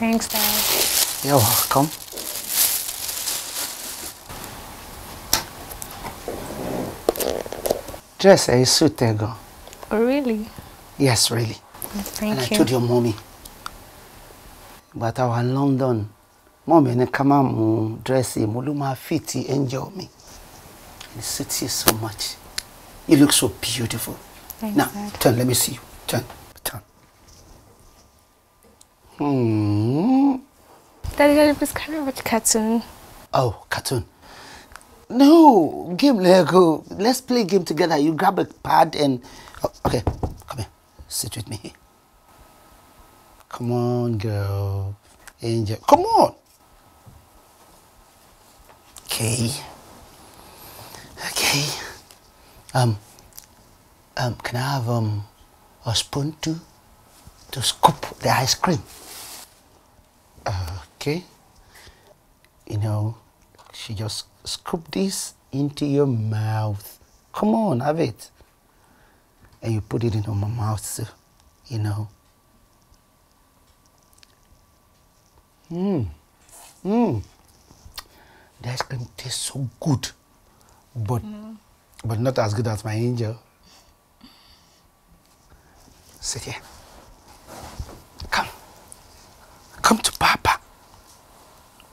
Thanks, Dad. You're welcome. Dress a suit, Ego. Oh, really? Yes, really. Thank and you. And I told your mommy. But I London. Mommy, ne kama mu dress muluma lu ma enjoy me. It suits you so much. You look so beautiful. Thanks, now, Dad. turn, let me see you. Turn. Hmm. Daddy, Daddy, please can I watch cartoon? Oh, cartoon. No, game Lego. Let's play game together. You grab a pad and... Oh, okay, come here. Sit with me. Come on, girl. Angel. Come on. Okay. Okay. Um, um, can I have um, a spoon too? To scoop the ice cream okay you know she just scoop this into your mouth come on have it and you put it into my mouth you know mmm mmm That's gonna taste so good but mm. but not as good as my angel sit here come come to pass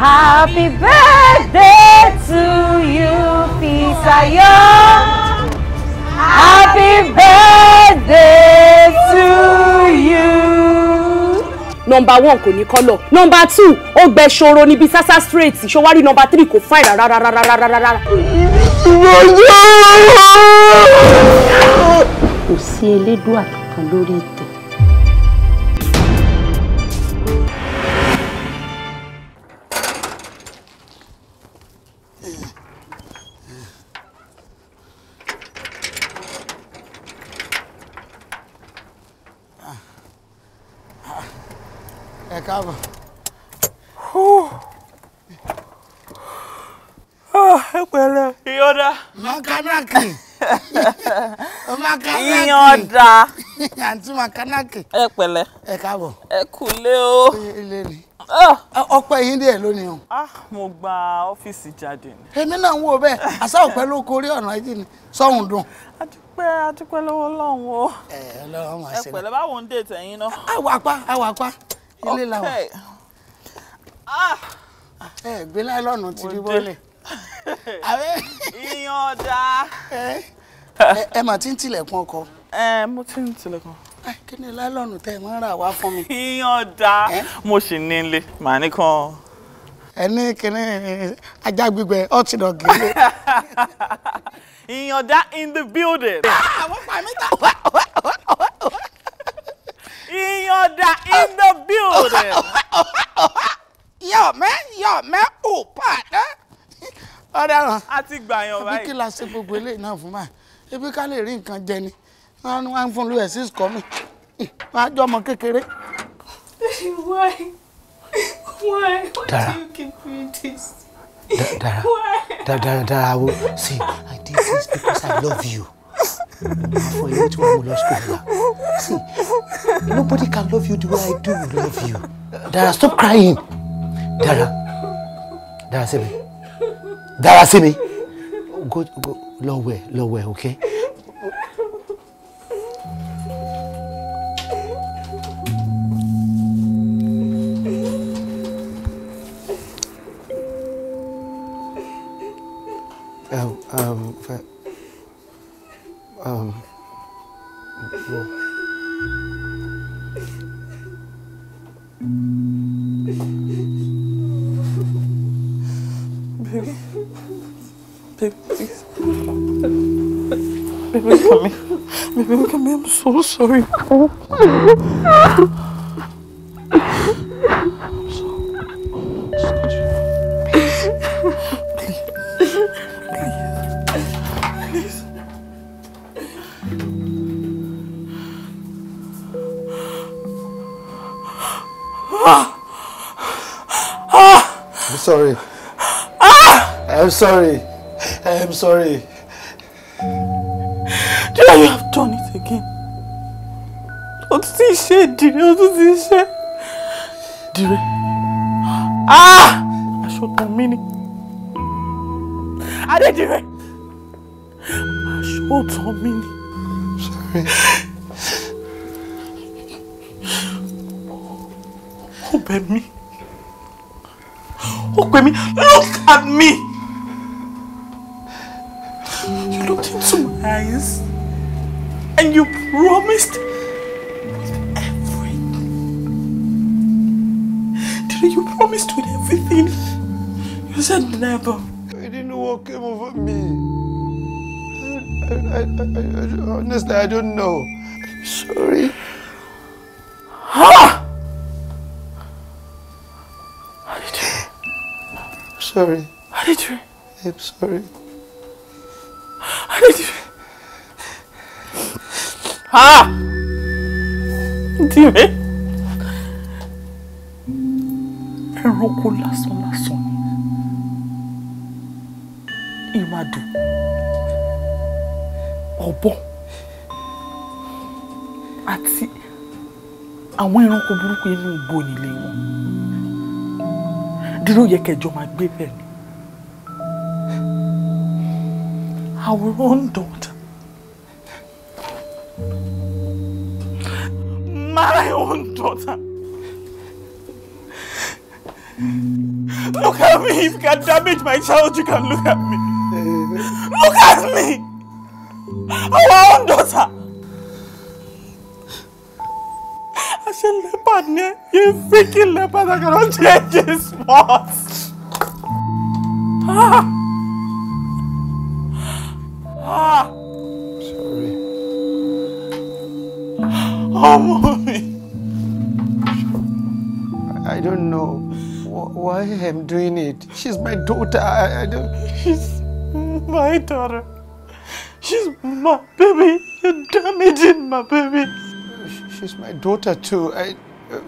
Happy birthday to you, Fisayo. Happy birthday to you. Number one kò ní kọ́lọ̀. Nọmba two ó gbẹ ṣòro níbi sásá straight. Ṣọwárí number three kò fáìn rárá rárá rárá rárá. Ìbọ̀jọ́! Kò sí elédùn àkàkàn lórí ìtàn. dáa. [LAUGHS] àǹtí makanaki. ẹ pẹlẹ. ẹ káàbọ̀. ẹ kúlé o. ilé ni ah. ọpẹ́ yín lónìí o. Ah, mo gba ọ́fíìsì jáde. èmi náà ń wo bẹ́ẹ̀ àṣà ọ̀pẹ ló korí ọ̀nà yìí ni sọ́hùn dùn. adúpẹ́ adúpẹ́ lọ́wọ́ lọ́hùn o. ẹ lọ́wọ́ máa ṣe. ẹ pẹ̀lẹ́ báwo ń dètè yín náà. àwa pa àwa pa ilé làwọn. Ah. ẹ gbé ti rí bọ́lẹ̀. [LAUGHS] [LAUGHS] ẹ mo ti ń tilẹ̀kùn. kí ni láìlọ́nù tẹ́ ẹ máa ń rà wá fún mi. yíyan da mo sì ní ilé màá ní kan. ẹ ní kíní ajá gbígbẹ ọtí lọ gèlè. yíyan da in the building. àwọn ah, pàmí ta. yíyan da in the building. yọ̀mẹ́ yọ̀mẹ́ ò pàdé ọ̀daràn. a ti gbà yan báyìí. ibi kí la ṣe gbogbo eléyìí náà fún báyìí ibi ká lè rí nǹkan jẹ ni wọ́n ń fún lu ẹ̀sìn ìsìkọ́ mi wọ́n á jọ ọmọ why why why do you keep doing this. Dara Dara Dara Dara wo see I did this because I love you. For you to want to school See, nobody can love you the way I do love you. Dara, stop crying. Dara, Dara, see me. Dara, see me. Go, go, lower, lower. okay? so sorry. I'm sorry. I'm sorry. I'm sorry. ṣe ìdìrẹ́ ó tún ti ṣe ìdìrẹ́ ah! aṣọ tó mí ni adédìrẹ́ aṣọ tó mí ni. ó bẹ̀ mí ó pè mí look at me you looked into my eyes and you promised. you promised with everything. You said never. I didn't know what came over me. I, I, I, honestly, I don't know. I'm sorry. Ha! Aditya. I'm sorry. Aditya. I'm sorry. Aditya. Ha! you? kókó lásán lásán ìmàdù ọ̀bọ àti àwọn ẹranko burúkú inú igbó nílé wọn dúró yẹ kẹjọ máa gbé bẹ́ẹ̀ ni our own daughter my own daughter. Look at me! If you can damage my child, you can look at me! Look at me! Our own daughter! I said leopard, You freaking leopard that cannot change his spots! Ah! Ah! Sorry. Oh, mommy! I don't know. why am doing it. She's my daughter. I, I don't... She's my daughter. She's my baby. You're damaging my baby. She's my daughter too. I. Uh...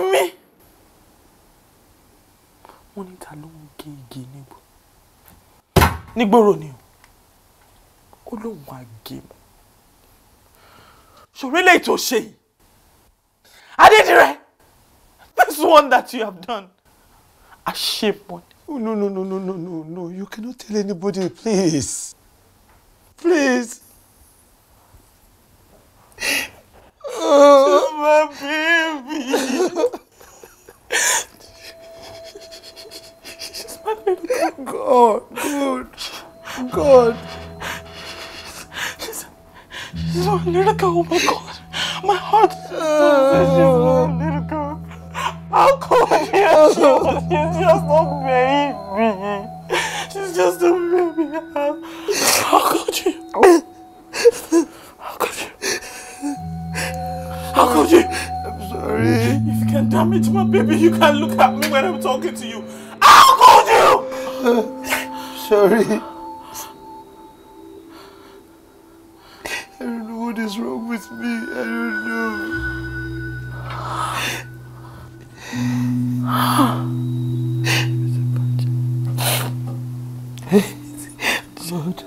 me. mi. Wọ́n ní ta ló ń gé igi nígbò. Nígboro ni o. Ó lóun á gé mọ́. E. Ṣòro eléyìí tó ṣe yìí. Adedire, this one that you have done, a shape one. Oh, no, no, no, no, no, no, no. You cannot tell anybody, please. Please. Oh, my baby. She's my baby. God, God, God. She's, she's my little girl, oh my God. My heart is oh. just a little girl. How could you? She's just a baby. She's just a baby. How could you? How could you? How could you? I'm sorry. If you can damage my baby, you can look at me when I'm talking to you. How could you? Sorry. What is wrong with me? I don't know. Lord,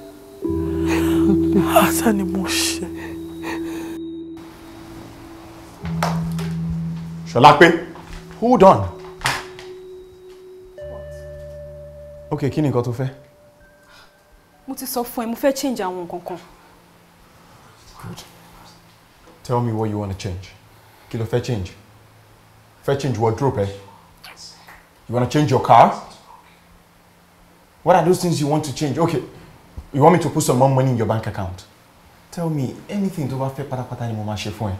Ata ni mo ṣe. Ṣọlápé, hold on. What? Okay, kí ni nǹkan tó fẹ́? Mo ti sọ fún ẹ, mo fẹ́ change àwọn nǹkan kan. Good. Tell me what you want to change. Kí lo fẹ́ change. Fair change wardrobe, eh? You want to change your car? What are those things you want to change? Okay. You want me to put some more money in your bank account? Tell me anything tó bá fẹ́ pátápátá ni mama máa ṣe fún ẹ.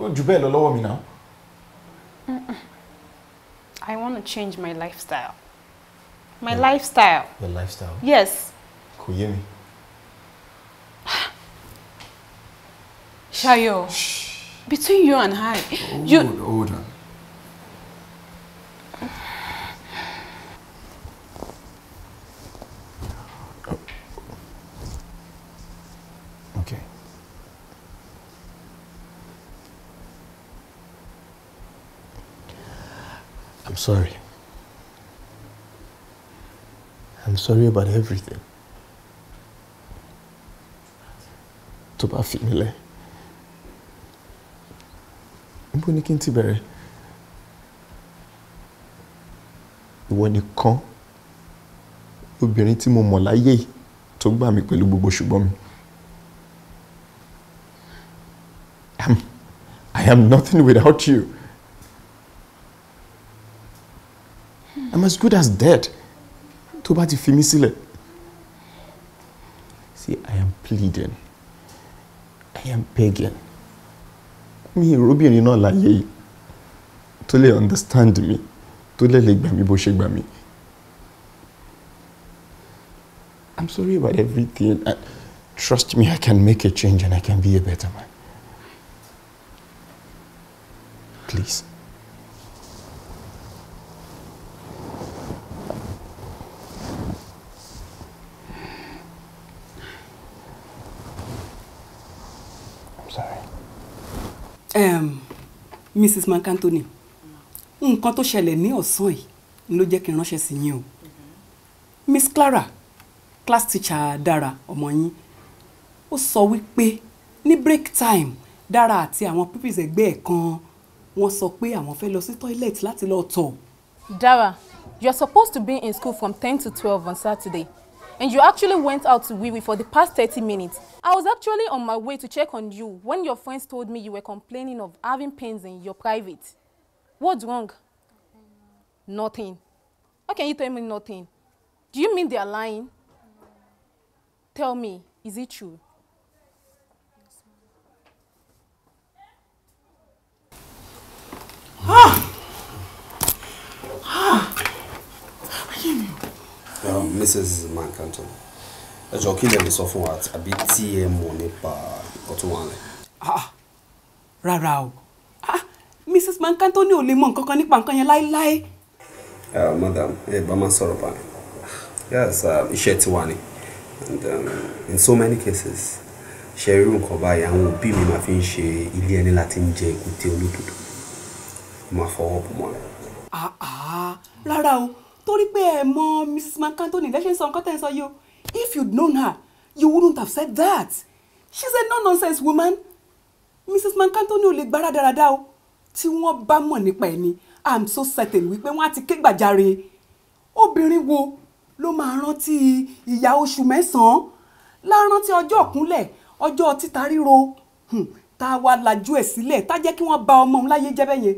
Ó jù bẹ́ẹ̀ now. I want to change my lifestyle. My yeah. lifestyle. Your lifestyle? Yes. Kuyemi. yé Shayo, between you and I, hold, you... Hold on. Oh. Okay. I'm sorry. I'm sorry about everything. Tuba Fimile. níbo ni kí n ti bẹ̀rẹ̀ ìwọ nìkan obìnrin tí mo mọ̀ láyé tó gbà mí pẹ̀lú gbogbo ṣùgbọ́n mi I am nothing without you I am as good as dead tó bá ti fi mí sílẹ̀ see I am pleading I am begging mi ìróbìnrin náà láyé yìí tó lè understand mi tó lè lè gbà mí bó ṣe gbà mí. I'm sorry about everything. I, trust me, I can make a change and I can be a better man. Please. um, Mrs. Mancantoni nǹkan tó ṣẹlẹ̀ ní ọ̀sán yìí ló jẹ́ kí n ránṣẹ́ sí yín o Miss Clara class teacher Dara ọmọ yín ó sọ wípé ní break time Dara àti àwọn pupils ẹgbẹ́ ẹ̀ kan wọ́n sọ pé àwọn fẹ́ lọ sí toilet láti lọ tọ̀. Dára you are supposed to be in school from ten to twelve on Saturday and you actually went out to Wiwi for the past 30 minutes. I was actually on my way to check on you when your friends told me you were complaining of having pains in your private. What's wrong? Nothing. How can you tell me nothing? Do you mean they are lying? Tell me, is it true? Mrs. Um, Mankanto ẹ jọ kí lè sọ fún wa àbí tí ẹ mọ̀ nípa ọtún wa rẹ. rárá o ah, Mrs. Mankanto ní ò lè mọ nǹkan kan nípa nǹkan yẹn láéláé. Uh, madam ẹ bá máa sọ̀rọ̀ bá mi yes uh, iṣẹ́ tiwa ni and um, in so many cases ṣe irú nǹkan báyìí àwọn òbí mi máa fi ń ṣe ilé ẹni láti ń jẹ èkúté olódodo máa fọwọ́ bọ̀ mọ́ ah, ah, rárá o wípé ẹ mọ Mrs. Mancantoni lẹ́sẹ̀ sọ nǹkan tẹ́ ẹ sọ yìí o if you'd known her you wouldn't have said that she's a no-nonsense woman Mrs. Mancantoni ò lè gbára dáradára o tí wọ́n bá mọ̀ nípa ẹ̀ ni i'm so certain wípé wọ́n á ti ké gbàjarè obìnrin wo ló máa rántí ìyá oṣù mẹ́sàn-án lárántí ọjọ́ ọ̀kúnlẹ̀ ọjọ́ títa ríro hmm, tá a wá lajú ẹ̀ sílẹ̀ tá jẹ́ kí wọ́n bà ọmọ òun láyé jẹ́ bẹ́yẹn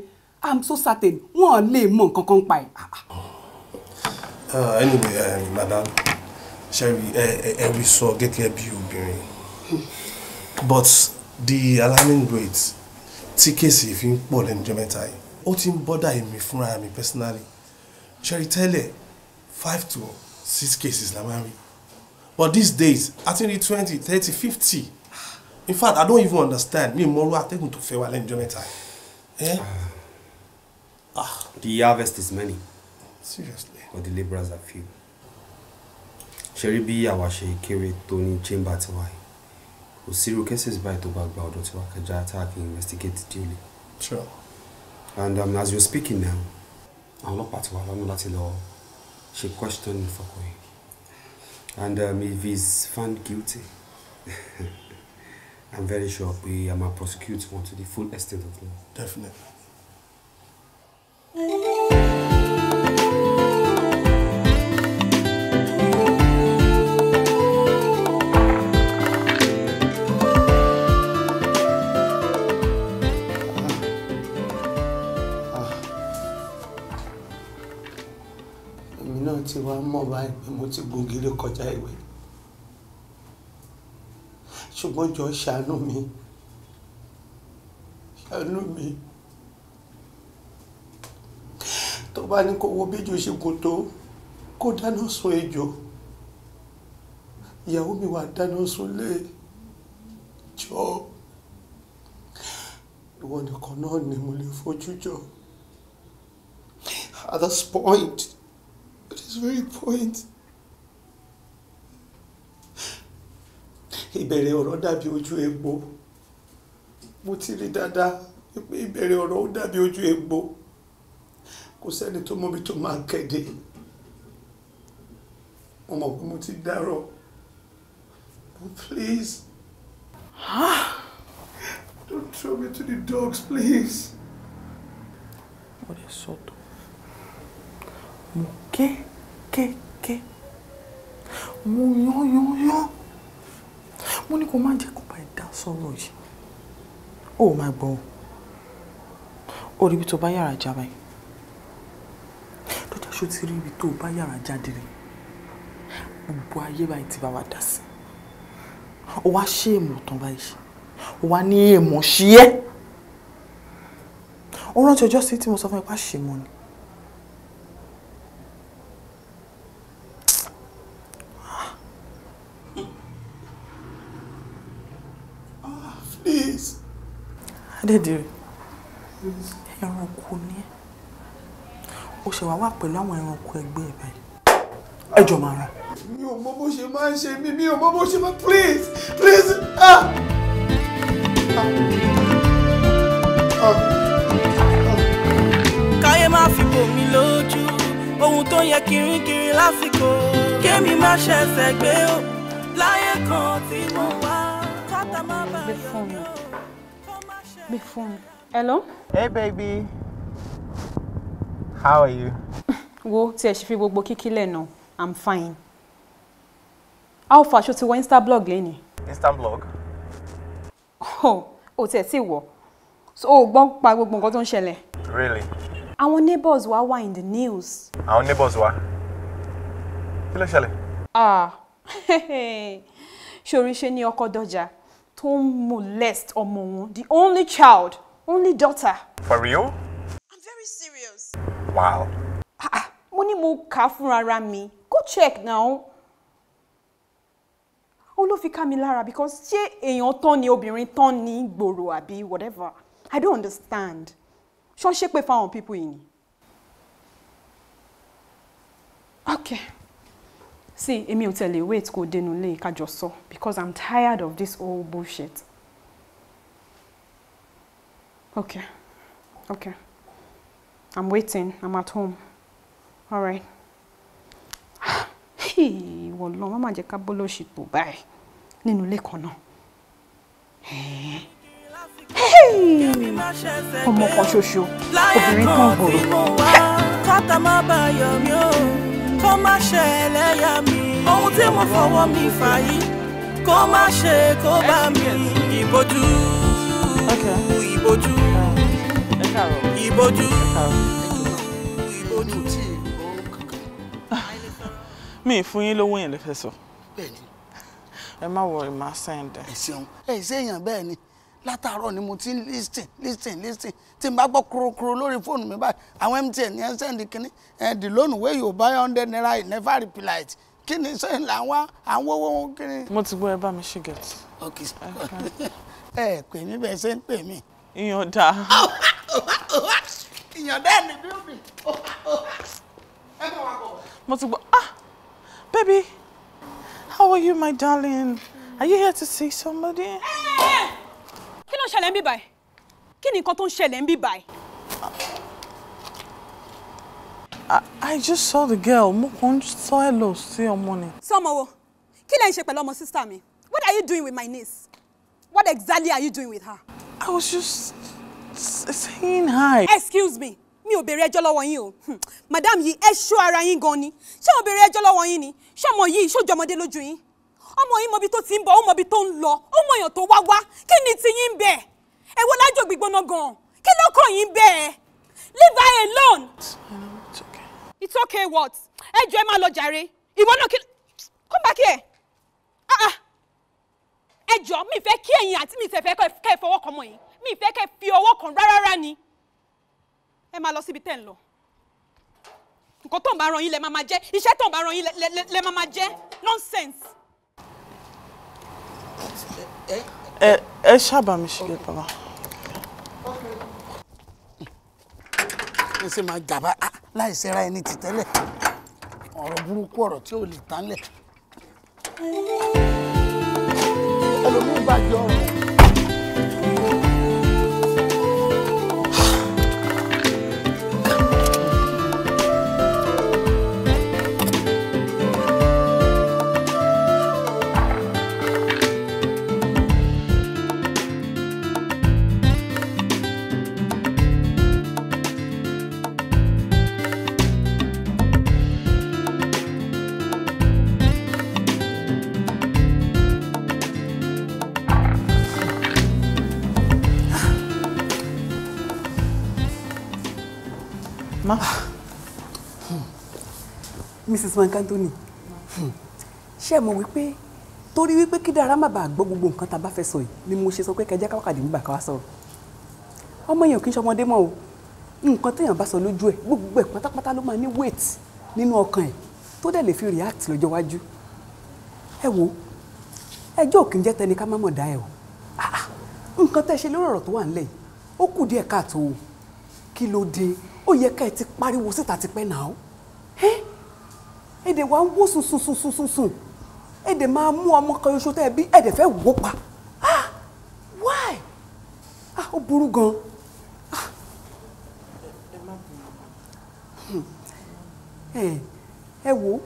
i'm so certain wọ́n lè mọ̀ nǹkan kan pa ẹ̀. Ah, ah. Ah, anyway, um, madam, Sherry, ẹ rí sọ gẹ́gẹ́ bí obìnrin. But the alarming rate tí kéèsì fi ń pọ̀ lẹ́nu jẹ́ mẹ́ta yìí, ó ti ń bọ́dà èmi fúnra mi personally. Sherry tẹ́lẹ̀ five to six cases la máa But these days, a ti rí twenty, thirty, fifty. In fact, I don't even understand. me. mọ̀rú I take fẹ́ wá lẹ́nu jẹ́ mẹ́ta yìí. Eh? Ah. ah. The harvest is many. Seriously but the labourers are few ṣe rí bí àwa ṣe kéré tó ní chamber tiwa yìí kò sírú cases báyìí tó bá gba ọ̀dọ̀ tiwa kẹjá tá a kì investigate daily. sure. and um, as you're speaking now àwọn ọlọ́pàá ti wà lọ́nà láti lọ ṣe questioning fọkọ yìí and um, if he is found guilty [LAUGHS] i'm very sure pé i ma prosecute wọn to the full extent of the law. definitely. ti wá mọ̀ báyìí pé mo ti gun kọjá ìwé ṣùgbọ́n jọ ṣàánú mi ṣàánú mi tó bá ní kó wo bíjù ṣe gùn tó kó dáná sun ejò ìyàwó mi wà dáná sun lé jọ ìwọ nìkan náà ni mo lè fojú jọ at this point at this very point. ìbẹ̀rẹ̀ ọ̀rọ̀ dàbí ojú egbò mo ti rí dáadáa pé ìbẹ̀rẹ̀ ọ̀rọ̀ ó dàbí ojú egbò kò sẹ́ni tó mọbi tó máa kéde mo mọ̀ pé mo ti dárọ̀ please ah! don't throw me to the dogs please. What lè sọ tó mo ké ké ké mo yán yán yán mo ní kó má jẹ́ kó bá ẹ dá sọ̀rọ̀ yìí ó má gbọ́ ó rí ibi tó bá yàrá já báyìí tó jẹ́ sọ ti rí ibi tó bá yàrá jáde rí gbogbo ayé báyìí ti bá wa dá sí ó wá ṣe èèmọ̀ tán báyìí ó wá ní èèmọ̀ ṣí ẹ́ ó rántí ọjọ́ sí tí mo sọ fún ẹ pa ṣe ni dẹ̀dẹ̀rẹ̀ ẹranko ni ẹ o ṣe wá wà pẹ̀lú àwọn ẹranko ẹgbẹ́ ẹ báyìí ẹ jọ máa ra. mi ò mọ bó ṣe máa ń ṣe mí mi ò mọ bó ṣe máa please please. Ah. káyé má fi bò mí lójú ohun tó yẹ kirikiri lásìkò kémi má ṣẹ̀ṣẹ̀ gbé o láyé kan tí mo wá kátà má bàa gbé fóònù. hello. hey baby how are you. [LAUGHS] wo tí ẹ ṣe fi gbogbo kíkí i'm fine. how far should ṣo ti blog, instablog lẹ́ni. blog? oh o tiẹ̀ ti wọ̀ so o gbọ́ pa gbogbo nǹkan tó really. Our neighbors wa wà in the news. Our neighbors wa kí ló ṣẹlẹ̀. ah [LAUGHS] ṣoríṣe ni ọkọ̀ doja. To molest ọmọ wọn the only child only daughter. for real. i'm very serious. wow. ah, ah money mo kà around me. go check now ó ló fi ká mi lára because ṣé èèyàn tán ni obìnrin tán ní gbòòrò àbí whatever i don't understand ṣọ́n ṣépè fáwọn people in. okay see Emi ò tẹ̀lé wait kò dénú lé kájọ sọ because i'm tired of this old bullshit. okay okay i'm waiting i'm at home all right. [SIGHS] ìwọ wolo, mama máa jẹ ká bó lóṣì tó báyìí Hey, ilé kan náà. ọmọ kan ṣoṣo obìnrin kan kó má ṣe ẹlẹ́yà mi ohun tí mo fọwọ́ mi fà yìí kó má ṣe kó bá mi ìbojú ìbojú ìbojú mi fún yín lówó yẹn lè fẹ́ sọ ẹ má wọrí má sẹ́ǹdẹ̀. ẹ ṣeun ẹ ṣe èèyàn bẹ́ẹ̀ ni látàárọ̀ ni mo ti ń listing listing listing tí n bá gbọ́ kurokuro lórí fóònù mi báyìí àwọn MTN yẹn send kínní the loan wey you buy hundred naira you never reply it kí ni sẹ́yìn là ń à ń wówó wọn kí ni. mo ti gbọ́ ẹ bá mi ṣe gẹ̀ẹ́tì. ok ẹ pè mí bẹ́ẹ̀ ṣe ń pè mí. ìyàn dá. ìyàn [LAUGHS] dá ẹni bí ó bì. ẹ kàn wá bọ̀. mo ti gbọ́ ah baby how are you my darling are you here to see somebody. Hey! kí ló ń ṣẹlẹ̀ ń bí báyìí kí ni nǹkan tó ń ṣẹlẹ̀ ń bí báyìí. I just saw the girl mo kàn sọ ẹ lọ sí ọmọ ni. sọmọ wo kí lẹ ń ṣe pẹ̀lú ọmọ sísá mi what are you doing with my niece what exactly are you doing with her. I was just saying hi. excuse me mi ò béèrè ẹjọ́ lọ́wọ́ yín o hmm. madam yìí ẹ ṣọ́ ara yín gan ni ṣé mo béèrè ẹjọ́ lọ́wọ́ yín ni ṣé ọmọ yìí ṣojú ọmọdé lójú yín ọmọ yìí mọbi tó ti ń bọ̀ ó mọbi tó ń lọ ó èèyàn tó wá wá kí ni tiyín bẹ̀ ẹ wo lájò gbígbóná gan kí ló yín bẹ́ẹ̀ leave her alone. it's okay. it's okay what ẹ jọ ẹ máa lọ jàre ìwọ náà kí come back here ah, ah. ẹ jọ mi fẹ́ kí ẹ̀yin àti mi ìṣẹ̀fẹ́ kẹ́ ẹ fọwọ́ kan mọ́ yín mi fẹ́ kẹ́ ẹ fi ọwọ́ kan rárá ni ẹ máa lọ síbi tẹ́ ń lọ nǹkan tó ń bá ran yín lẹ máa máa jẹ́ iṣẹ́ tó ń bá ran yín lẹ máa máa jẹ́ nonsense ẹ ẹ ṣáàbà mi ṣe bàbá. ṣe máa jàbá ah, láì ṣera ẹni tì tẹ́lẹ̀ ọ̀rọ̀ burúkú ọ̀rọ̀ tí ò lè tán lẹ̀ ẹlòmíín bá Ma. Ah. Mrs. Hmm. Mancantoni, hmm. ṣé ẹ mọ̀ wípé torí wípé kí dára má bàa gbọ́ gbogbo nǹkan tá a bá fẹ́ sọ yìí ni mo ṣe sọ pé kẹjá káwákàdé nígbà ká sọ̀rọ̀. Ọmọ èèyàn kì í ṣọmọdé mọ́ o. Nǹkan téèyàn bá sọ lójú ẹ̀ gbogbo ẹ̀ pátápátá ló máa ní weight nínú ọkàn ẹ̀ tó dẹ̀ lè fi react lọ́jọ́ iwájú. Ẹ wo ẹjọ́ òkè ń jẹ́ tẹni ká má mọ̀ dá ẹ o. Ah, ah. Nǹkan tẹ́ ṣe lórí ọ̀rọ̀ tó wà ńlẹ̀ yìí ó kù díẹ̀ káàtó o. Kí ló dé? ó yẹ ká ẹ ti pariwo síta tipẹ́ náà ẹ ẹ dẹ̀ wá ń wó sùn sùn sùn sùn sùn ẹ dẹ̀ máa mú ọmọ kan oṣù tẹ́ ẹ bí ẹ dẹ̀ fẹ́ wò pa ah why ah ó burú gan ah hmm. ẹ wò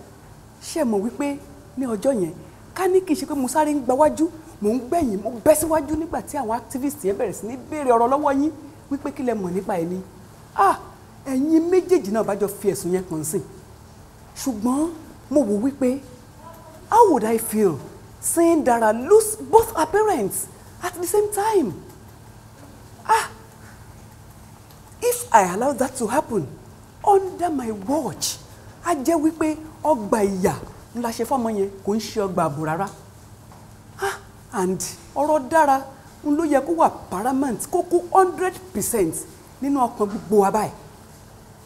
ṣe mọ̀ wípé ní ọjọ́ yẹn ká ní kì í ṣe pé mo sáré ń gbáwájú mò ń gbẹ̀yìn mo bẹ́ síwájú nígbà tí àwọn activist yẹn bẹ̀rẹ̀ sí ní béèrè ọ̀rọ̀ lọ́wọ́ yín wípé kí lẹ mọ̀ nípa ẹ̀ ni ah ẹ̀yin méjèèjì náà bá jọ fi ẹ̀sùn yẹn kàn sí ṣùgbọ́n mo wò wípé how would I feel seeing Dara lose both her parents at the same time ah if I allow that to happen under my watch a jẹ́ wípé ọgbà ìyà ńlá ṣe fọ́mọ yẹn kò ń ṣe ọgbà àbò rárá ah and ọ̀rọ̀ Dara n ló yẹ kó wà paramount kó hundred percent nínú ọkàn gbogbo wa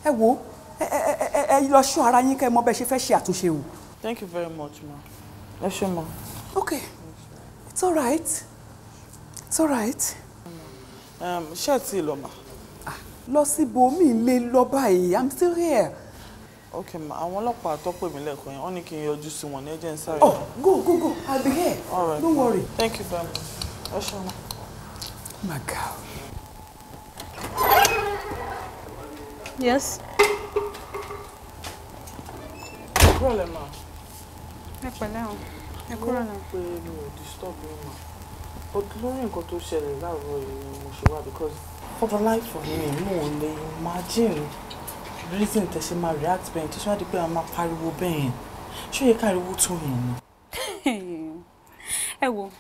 ẹ wo ẹ ẹ ẹ lọ ṣọ́ ara yín kẹ́ ẹ mọ bẹ́ẹ̀ ṣe fẹ́ ṣe àtúnṣe o. thank you very much ma ẹ ṣé ma. okay it's all right it's all right. Um, ṣé ẹ ti lọ ma. Ah, lọ síbo mi lè lọ báyìí i'm still here. Okay, ma àwọn ọlọ́pàá tó pè mí lẹ́ẹ̀kan yẹn wọ́n ní kí n yọjú sí wọn ní ẹjẹ́ ń sáré. oh go go go i'll be here. all right don't worry. thank you very much. ẹ ṣé ma. my God. Yes. Ẹ̀kúrọ̀ lẹ̀ máa. Ẹ pẹ̀lẹ́ o. Ẹ̀kúrọ̀ lẹ̀. Mo pe mi disturb yín mà. But lórí nǹkan tó ṣẹlẹ̀ láàárọ̀ yìí ni because for the life of me, no, ò lè imagine reason tẹ̀ ṣe máa react bẹ́ẹ̀ tó ṣáà di pé a máa pariwo bẹ́ẹ̀ yẹn. carry ó yẹ káriwo tó yẹn ni? [LAUGHS] Ẹ wo,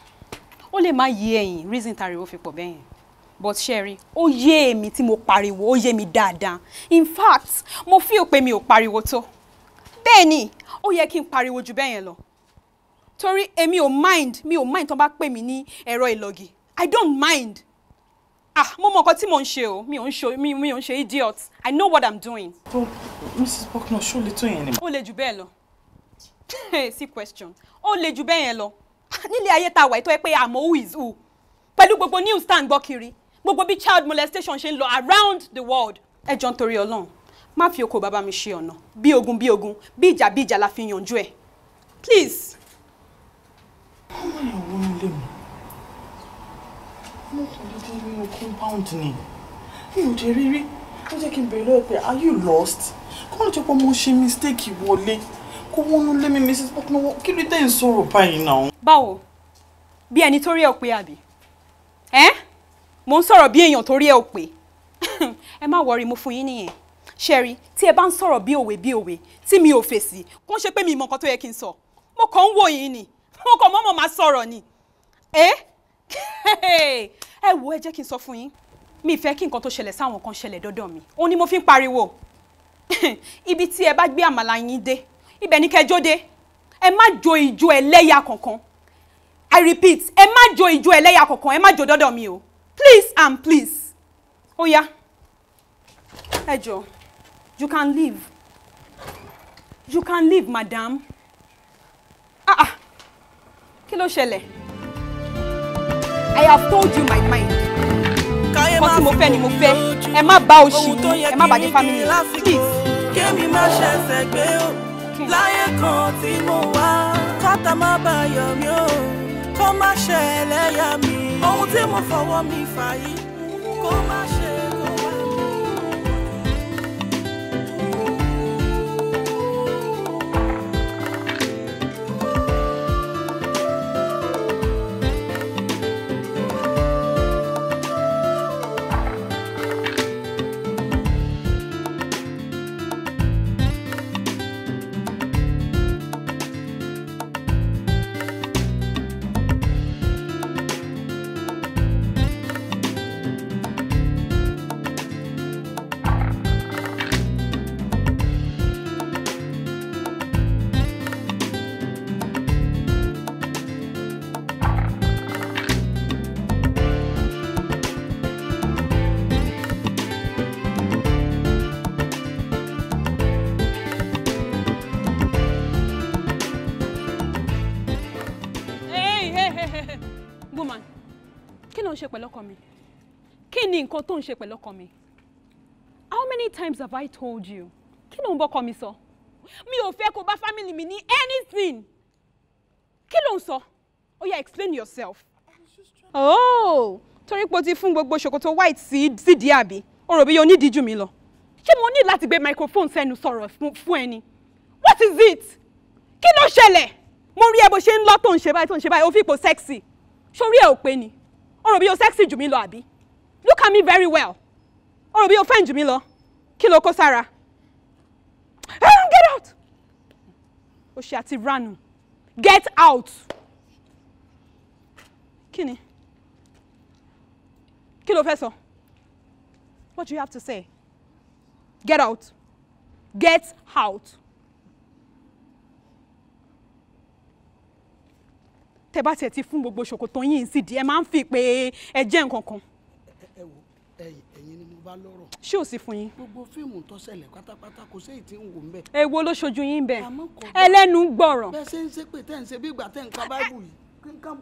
ó lè má yí ẹ̀yìn reason tariwo fi pọ̀ bẹ́ẹ̀ but sherry ó yé èmi tí mo pariwo ó yé mi dáadáa in fact mo feel pé mi ò pariwo tó bẹ́ẹ̀ ni ó yẹ kí n pariwo jù bẹ́ẹ̀ yẹn lọ torí èmi ò mind mi ò mind tó bá pè mí ní ẹ̀rọ ìlọ́gì i don't mind ah mo mọ nǹkan tí mò ń ṣe o mi ò ń ṣe mi mi ò ń ṣe idiot i know what i'm doing. bro mrs buckner ṣó lè tó yẹn ni. ó lè jù bẹ́ẹ̀ lọ [LAUGHS] see question ó le jù bẹ́ẹ̀ yẹn lọ ah, nílé ayé tá a wà tó yẹ pé àmọ́ who is who pẹ̀lú gbogbo news tá à ń gbọ́ kiri gbogbo bí child molestation ṣe ń lọ around the world ẹ jọ ń torí Ọlọ́run má fi oko bàbá mi ṣe ọ̀nà bí ogun bí ogun bí ìjà bí ìjà la fi yanjú ẹ please. ọmọ ìyàwó ń lé mi mo kàn dédé rí inú compound ni mi ò dé rírí ó jẹ́ kí n bèrè lọ́wọ́ pé are you lost kí wọ́n ti pọ́ mo ṣe mistake wọlé kó wọ́n ń lé mi mrs pọ́kúnmọ́wọ́ kí ló dé ń sọ̀rọ̀ báyìí náà. báwo bí ẹni tó rí ọ̀pẹ àbí ẹ́. Eh? mo ń sọ̀rọ̀ bí èèyàn torí ẹ ò pé ẹ má wọrí mo fún yín nìyẹn ṣẹ́rí tí ẹ bá ń sọ̀rọ̀ bí òwe bí òwe tí mi ò fèsì kó ń ṣe pé mi ìmọ̀ nǹkan tó yẹ kí n sọ mo kàn ń wò yín ni mo kàn mọ́mọ́ máa sọ̀rọ̀ ni ẹ ẹ wo ẹ jẹ́ kí n sọ fún yín mi ìfẹ́ kí nǹkan tó ṣẹlẹ̀ sáwọn kan ṣẹlẹ̀ dọ́dọ̀ mi òun ni mo fi ń pariwo ibi tí ẹ bá gbé àmàlà yín dé ibẹ̀ ni kẹjọ́ dé ẹ má jo ìjó ẹlẹ́yà kankan i repeat ẹ má jo ìjó ẹlẹ́yà kankan ẹ má jo dọ́dọ̀ mi o please and please ó yá ẹ you can leave you can leave madam ah ah kí ló i have told you my mind nǹkan tí mo fẹ́ ni mo fẹ́ ẹ má bá òṣì ẹ má bá ní family please. láyé kan tí mo wá kátà má bàa yọ̀ mí o kó má ṣe ẹlẹ́yà mi ohun tí mo fọwọ́ mi fà yìí kó má ṣe. ṣe pẹ̀lú ọkọ mi kí ni nǹkan tó ń ṣe pẹ̀lú ọkọ mi how many times have I told you kí ló ń bọ́kọ mi sọ mi ò fẹ́ kó bá family mi ní anything kí ló ń sọ ó oh yá explain yourself oh torí pé o ti fún gbogbo ṣòkòtò white sí sídìí àbí o rò bí yóò nídìí jù mí lọ ṣé mo ní láti gbé microphone sẹ́nu sọ̀rọ̀ fún ẹni what is it kí ló ṣẹlẹ̀ mo rí ẹ bó ṣe ń lọ tó ń ṣe báyìí tó ń ṣe báyìí ó fi ipò sexy sórí ẹ ò pé ni o rò bí o sexy jù mí lọ àbí look at me very well o rò bí o fine jù mí lọ kí ló kó sára hey, get out o ṣe àti ranu get out kí ni kí ló fẹ́ sọ what do you have to say get out get out. tẹ bá tiẹ̀ ti fún gbogbo ṣòkòtò yín sí di ẹ máa ń fi pé ẹ jẹ́ nǹkan kan. ẹ wo ẹ̀yin ni mo bá lọ́rọ̀. ṣé ò sí fún yín. gbogbo fíìmù tó ṣẹlẹ̀ pátápátá kò sí èyí tí ń wò ń bẹ̀. èwo ló ṣojú yín bẹ́ẹ̀ ẹlẹ́nu gbọ̀rọ̀. bẹ́ẹ̀ ṣe ń ṣe pé tẹ́ ń ṣe bí ìgbà tẹ́ ń ka báìbù yìí.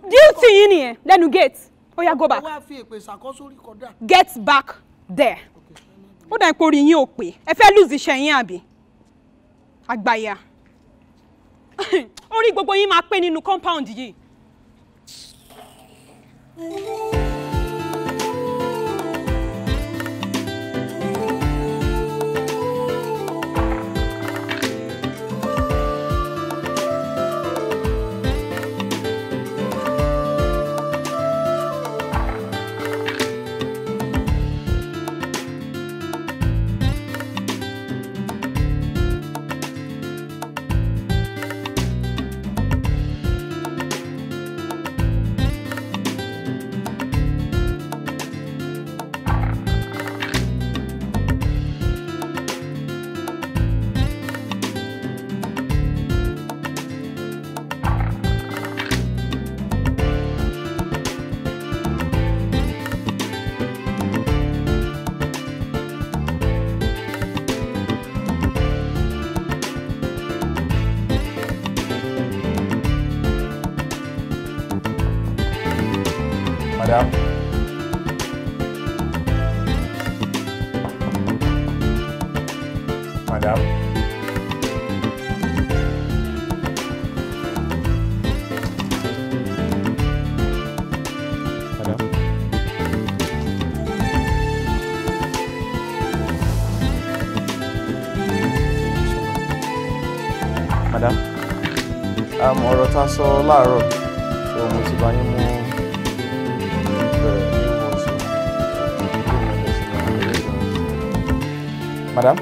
duty yín nìyẹn lẹ́nu gate ó yá go back. get back there. ó dà ipò orí ò pé ẹ fẹ́ lùzì [COUGHS] orí gbogbo yín máa pé nínú compound yìí Thank [LAUGHS] you. ครับมาดาม ọ̀rọ̀ tá a sọ láàárọ̀ tó mo ti bá yín mú Madam.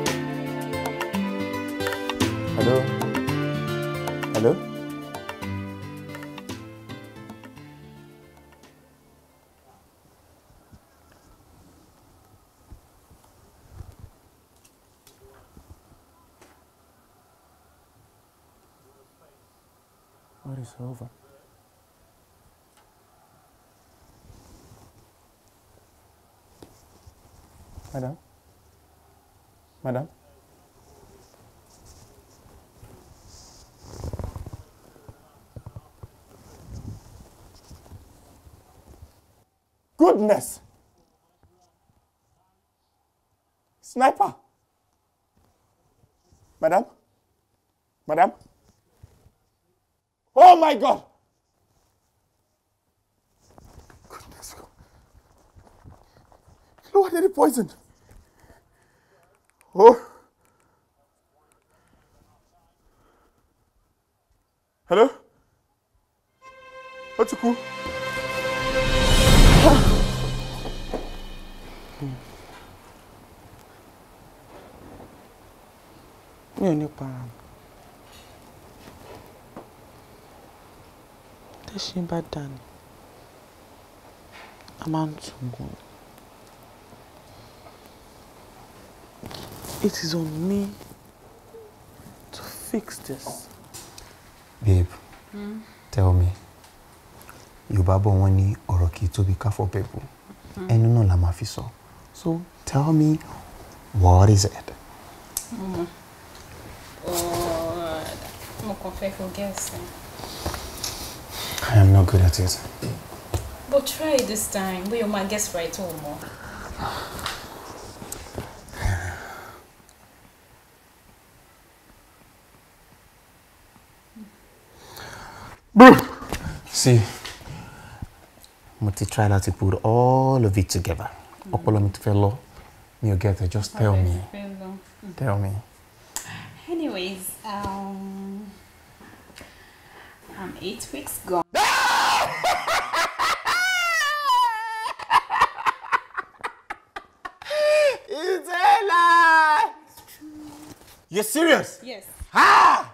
goodness. Sniper. Madam? Madam? Oh my God! Goodness God. No one any poison. Oh. Hello? What's cool? [SIGHS] mi ò ní para mi. tẹ́sán bá dà a máa ń tún gùn. It is on me to fix this. Babe, mm? tell me, Yorùbá bọ̀ wọ́n ní ọ̀rọ̀ kì í tóbi káfọ́ bẹ̀bù. Hmm. Ẹnu náà la máa fi sọ. So tell me, what is it? Mm -hmm kàn fẹ́ kó I am not good at it. But try it this time. Bóyá o guess right o mọ̀. See, mo ti try to put all of it together. Ọpọlọ mi ti fẹ́ lọ. get it, just tell me. Hmm. Tell me. Anyways, um, eight weeks gone. [LAUGHS] true? You're serious? Yes. Ah!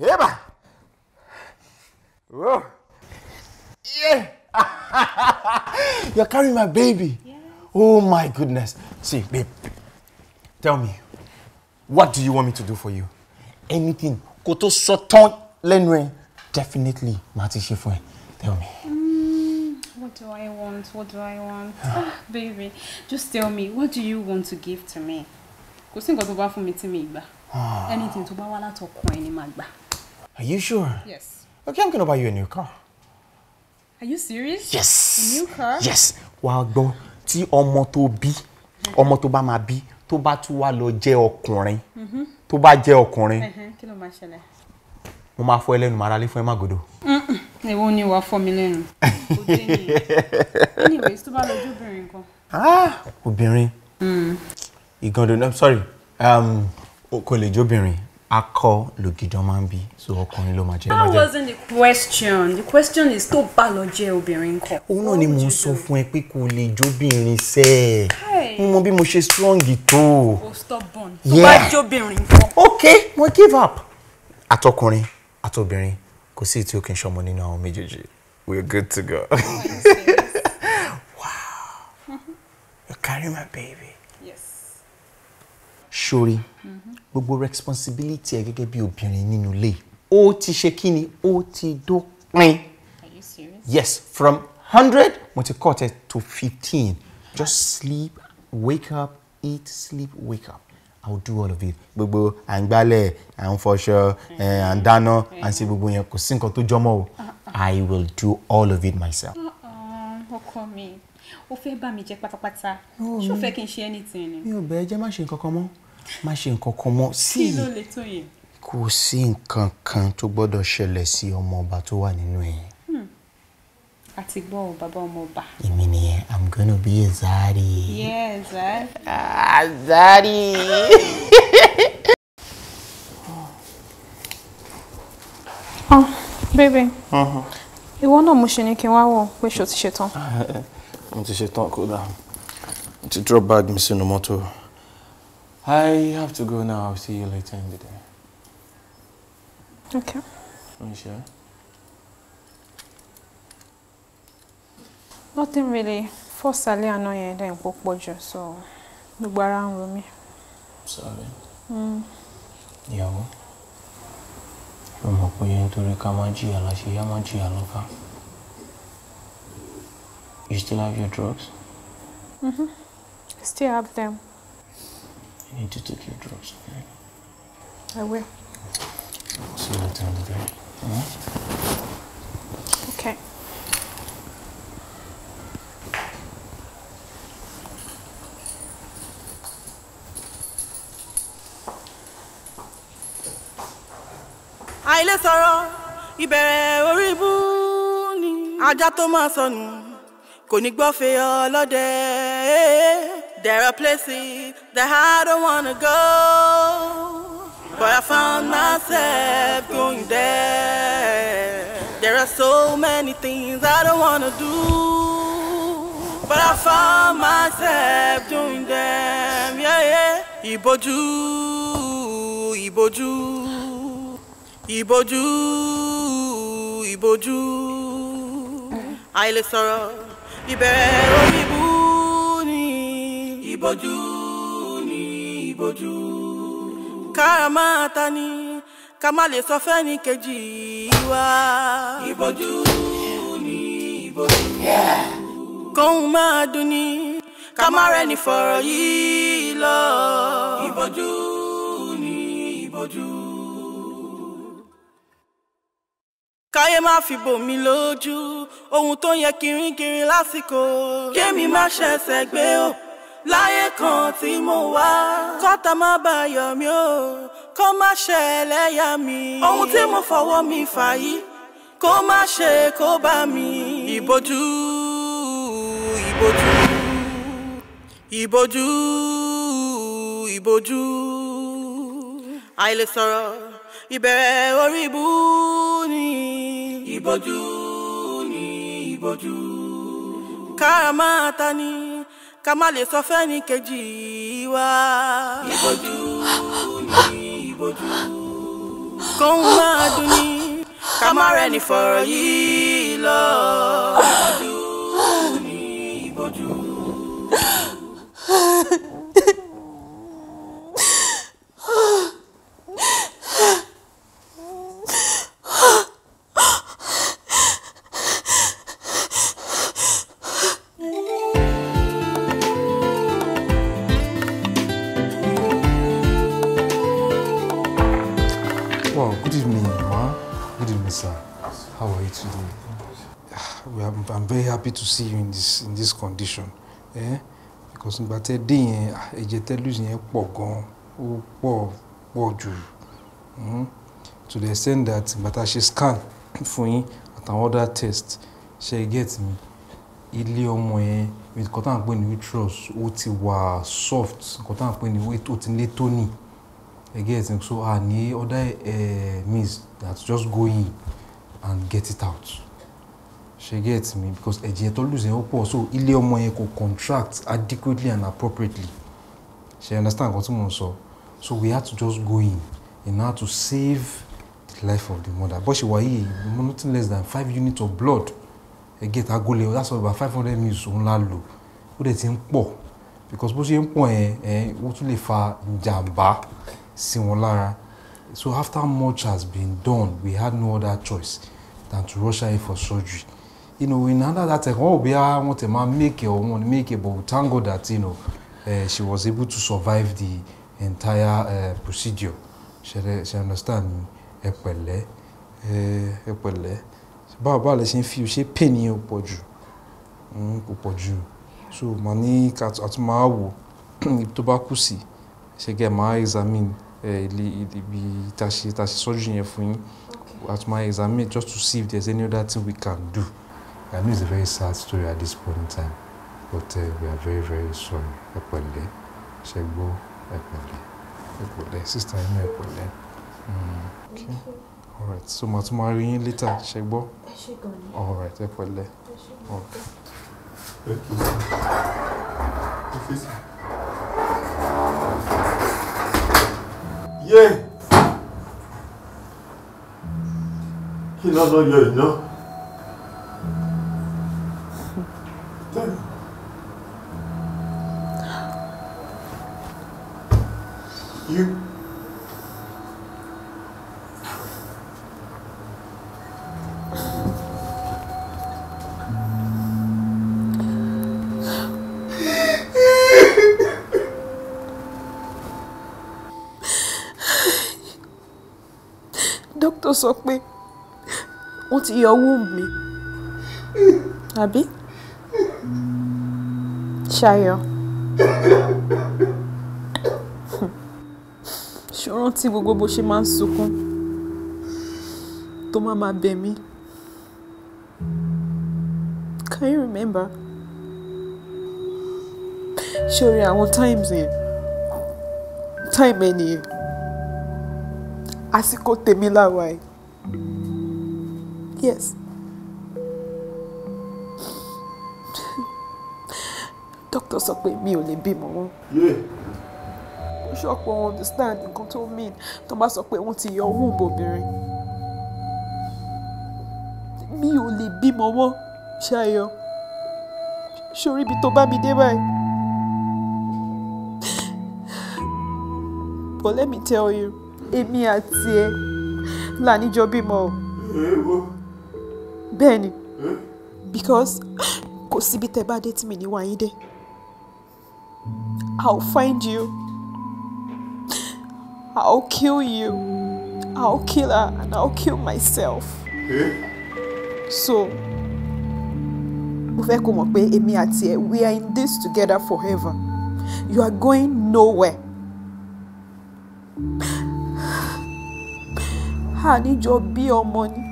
Eba! Whoa! Yeah! [LAUGHS] You're carrying my baby. Yeah. Oh my goodness. See, babe, tell me, what do you want me to do for you? Anything. Koto tó sọ definitely màá ti tell me. Mm, what do I want? What do I want? Ah. ah, baby, just tell me, what do you want to give to me? Kò sí nǹkan tó bá fún mi ah. Anything tó bá wá látọkàn ẹni máa Are you sure? Yes. Okay, I'm gonna buy you a new car. Are you serious? Yes. A new car? Yes. Wàá gbọ́ tí ọmọ tó bí ọmọ tó bá máa bí tó bá tún wá lọ jẹ́ ọkùnrin mm-hmm. tó bá jẹ́ ọkùnrin. Kí ló máa ṣẹlẹ̀? mo máa fọ́ ẹ lẹ́nu màá ralé fún ẹ má gòdò. èwo ni wàá fọ́ mi lẹ́nu òde ni anyways tó bá lọ ojú kan. obìnrin ah, mm. ìgànnì no sorry um, kò lè jóbìnrin akọ lògìdán máa ń bí so ọkùnrin ló máa jẹ. that wasn't the question the question is tó bá lọ jẹ obìnrin kan. òun náà ni mò ń sọ fún ẹ pé kò lè jóbìnrin sẹ ẹ mo mọ bí mo ṣe strong tó. o oh, stubborn tó bá jóbìnrin kan. ok mo give up àtọkùnrin àtobìnrin kò sí tí ó kì í ṣọmọ nínú àwọn méjèèjì we are good to go. Oh, [LAUGHS] wow you carry my baby. yes. sori mm-hmm. gbogbo responsibility ẹ gẹ́gẹ́ bí obìnrin nínú ilé ó ti ṣe kí ni ti dópin. are you serious? yes from hundred mo ti cut it to fifteen just sleep wake up eat sleep wake up. I will do all of it gbogbo à ń gbálẹ̀ à ń fọṣọ à ń dáná à ń ṣe gbogbo yẹn kò sí nǹkan tó jọmọ́ o I will do all of it myself. Uh-uh, ọkọ mi ó fẹ́ bá mi jẹ pátápátá ṣó fẹ́ kí n ṣe anything ni. mi ò bẹ́ẹ̀ jẹ́ má ṣe nǹkan kan mọ́ má ṣe nǹkan kan mọ́ sí i kò sí nǹkan kan tó gbọ́dọ̀ ṣẹlẹ̀ sí ọmọ ọba tó wà nínú ẹ̀yìn àti gbọ́n bàbá ọmọ ọba. èmi nìyẹn i'm gonna be a zari. yeah zari. ah zari. [LAUGHS] oh baby uh-huh. ìwọ náà mo ṣe ni kí n wá wò pé ṣo ti ṣetán. [LAUGHS] mo ti ṣetán kódà mo ti drop bag mi sínú mọ́tò. i have to go now i'll see you later in the day. okay. Are you nothing really First, alẹ́ àná yẹn dẹ̀ ń pò pọ̀ jù so gbogbo ara ń ro mí. sorry. Mm. ìyàwó ṣé o mọ̀ pé nítorí ká má jìyà láṣẹ yá má jìyà lọ́ka you still have your drugs. Mm-hmm. I still have them. You need to take your drugs, okay? I will. see you later in the day. mm mm-hmm. Okay. ilé sọ̀rọ̀ ìbẹ̀rẹ̀ orí ni ajá tó máa sọnù kò gbọ́ fẹ́ ọlọ́dẹ. There are places that I don't wanna go, but I found myself going there. There are so many things I don't wanna do, but I found myself doing them. Yeah, yeah. Ìbojú, ìbojú. ìbojú ìbojú àìlè sọ̀rọ̀ ìbẹ̀rẹ̀ orí ibú ni. ìbojú ni ìbojú. ká máa ta ni ká má lè sọ fẹ́ni kejì wa. ìbojú ni ìbojú. kóhun máa dùn ni ká má rẹ́ni fọ̀rọ̀ yìí lọ. ìbojú ni ìbojú. káyé má fi bò mí lójú ohun tó yẹ kirínkirin lásìkò. kémi má ṣẹ̀ṣẹ̀ gbé o láyé kan tí mo wá. kọ́tà má bá yọ̀ mí o kó má ṣe ẹlẹ́yà mi. ohun tí mo fọwọ́ mi fà yìí kó má ṣe kó bá mi. ìbojú ìbojú ìbojú ìbojú àìlè ìbẹ̀rẹ̀ orí ibú ni. ìbòjú ni ìbòjú. ká máa ta ni ká má lè sọ fẹ́ni kejì wa. ìbòjú ni ìbòjú. kóun máa dùn ni ká má rẹ́ni fọ̀rọ̀ yìí lọ. ìbòjú ni ìbòjú. to see you in this in this condition eh? because nígbà tẹ dé yẹn ah, ẹ̀jẹ̀ tẹ lose yẹn pọ̀ gan ó pọ̀ pọ̀ jù hmm? to the extent that nígbà tá a ṣe scan fún yín àtàwọn other test She get me ilé ọmọ yẹn nǹkan cotton à ń pè ní uterus ó ti wà soft nǹkan tá à ń pè ní ó ti lé tóní ẹ get me so a ní other uh, means that just go in and get it out she get me because ẹ̀jẹ̀ tó lùzẹ̀ ó pọ̀ so ilé ọmọ yẹn kò contract adequately and appropriately she understand nǹkan tí mò ń sọ so we had to just go in in order to save the life of the mother But she wà yìí nothing less than five units of blood ẹ̀gẹ́ get gólẹ̀ that's all about five hundred mils òun la lò ó dẹ̀ ti ń pọ̀ because bó ṣe ń pọ̀ yẹn ẹ̀ ó tún lè fa jàǹbá sí wọn lára so after much has been done we had no other choice than to rush her in for surgery you know in another time wọn ò bí want tẹ máa make want to make it but thank God that you know uh, she was able to survive the entire uh, procedure she she understand ẹ pẹ̀lẹ́ eh, ẹ pẹ̀lẹ́ báwo báwo lẹ ṣe ń fi ṣe pain yẹn pọ̀ jù hmm, kò pọ̀ jù so màá ní àtúmọ̀ àwò ibi tó bá kù sí ṣe gẹ́ màá examine ibi tá a ṣe surgery yẹn fún yín àtúmọ̀ examine just to see if there's any other thing we can do. I know it's a very sad story at this point in time, but uh, we are very, very sorry. Ẹ shebo Ṣẹ́gbọ́, ẹ sister inú ẹ hmm, Okay, all right, so màá tún máa later, shebo. All right, ẹ pẹ̀lẹ́. Ẹ ṣe gan ni. Ẹ kì í sọ. you. dókítà sọ pé wọ́n ti yọ owó mi àbí ṣayọ rántí gbogbo bó ṣe máa ń sunkún tó máa máa bẹ̀ mí. Can you remember? ṣé orí àwọn times yẹn time ẹni yẹn àsìkò tèmi láwa ẹ yes Doctor, sọ pé mi ò lè bímọ wọn. Yeah ó ṣọ̀pọ̀ understand nǹkan tó mean tó bá sọ pé wọ́n ti yọ owó obìnrin mi ò lè bímọ wọ́n ṣayọ sórí ibi tó bá mi dé báyìí. But let me tell you èmi àti ẹ là níjọ bímọ o. bẹ́ẹ̀ ni because kò síbi tẹ́ bá dé tí mi ní wáyé dé I'll find you. I'll kill you. I'll kill her and I'll kill myself. Eh? So, we are in this together forever. You are going nowhere. I need your ọmọ money.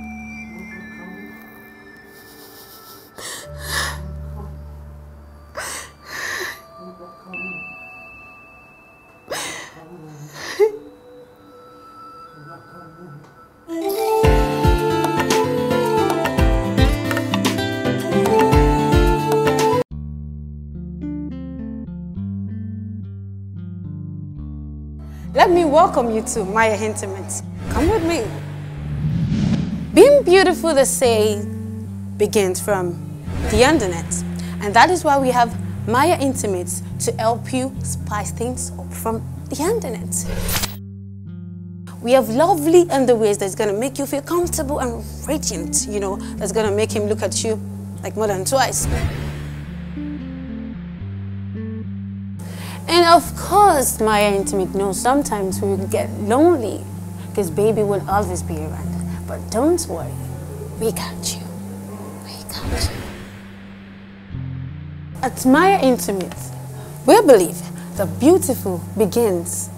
welcome you to Maya Intimates. Come with me. Being beautiful, they say, begins from the internet. And that is why we have Maya Intimates to help you spice things up from the internet. We have lovely underwears that's gonna make you feel comfortable and radiant, you know, that's gonna make him look at you like more than twice. And of course, my intimate knows sometimes we get lonely because baby will always be around. But don't worry, we got you. We got you. At Maya Intimate, we believe the beautiful begins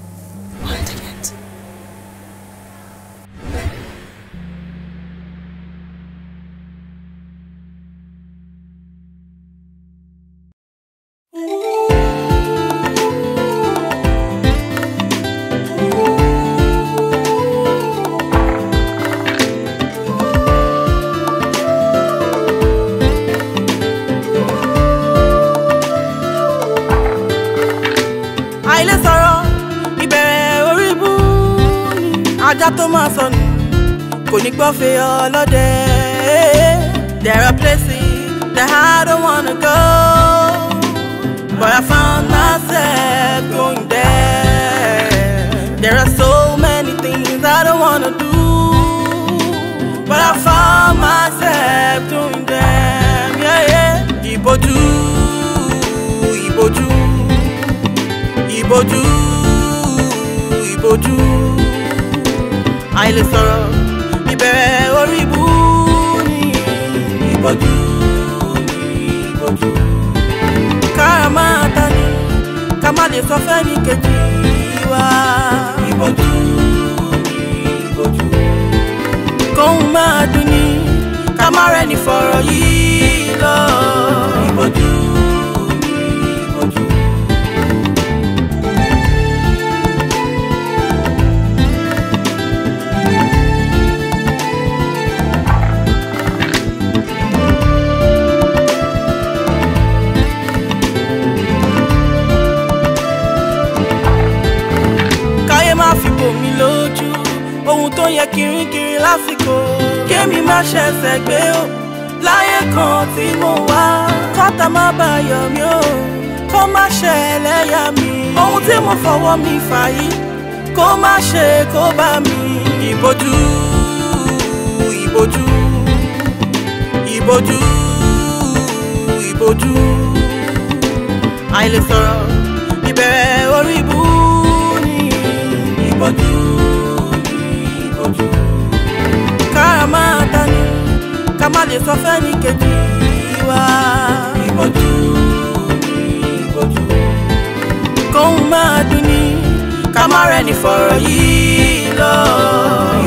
buffet all of day. There are places that I don't wanna go, but I found myself going there. There are so many things I don't wanna do, but I found myself doing them. Yeah, yeah. Ìbòjú, ìbòjú, ìbòjú, ìbòjú. Àìlè sọ̀rọ̀. bojú mi bojú. máa ta ni ká má lè sọ fẹ́ ní kejì wa. ìbojú mi fọ̀rọ̀ yìí lọ. yẹ kirikiri lásìkò kémi má ṣẹ̀ṣẹ̀ gbé o láyé kan tí mo wá kátà má bà yọ mí o kó má ṣe ẹlẹ́yà mi ohun tí mo fọwọ́ mi fà yìí kó má ṣe kó bá mi ìbojú ìbojú ìbojú ìbojú àìlè sọ̀rọ̀. máa dání ká má lè sọ fẹ́ ní kejì wa. ìbòjú ìbòjú. kóun máa dùn ní ká má rẹ́ni yìí lọ.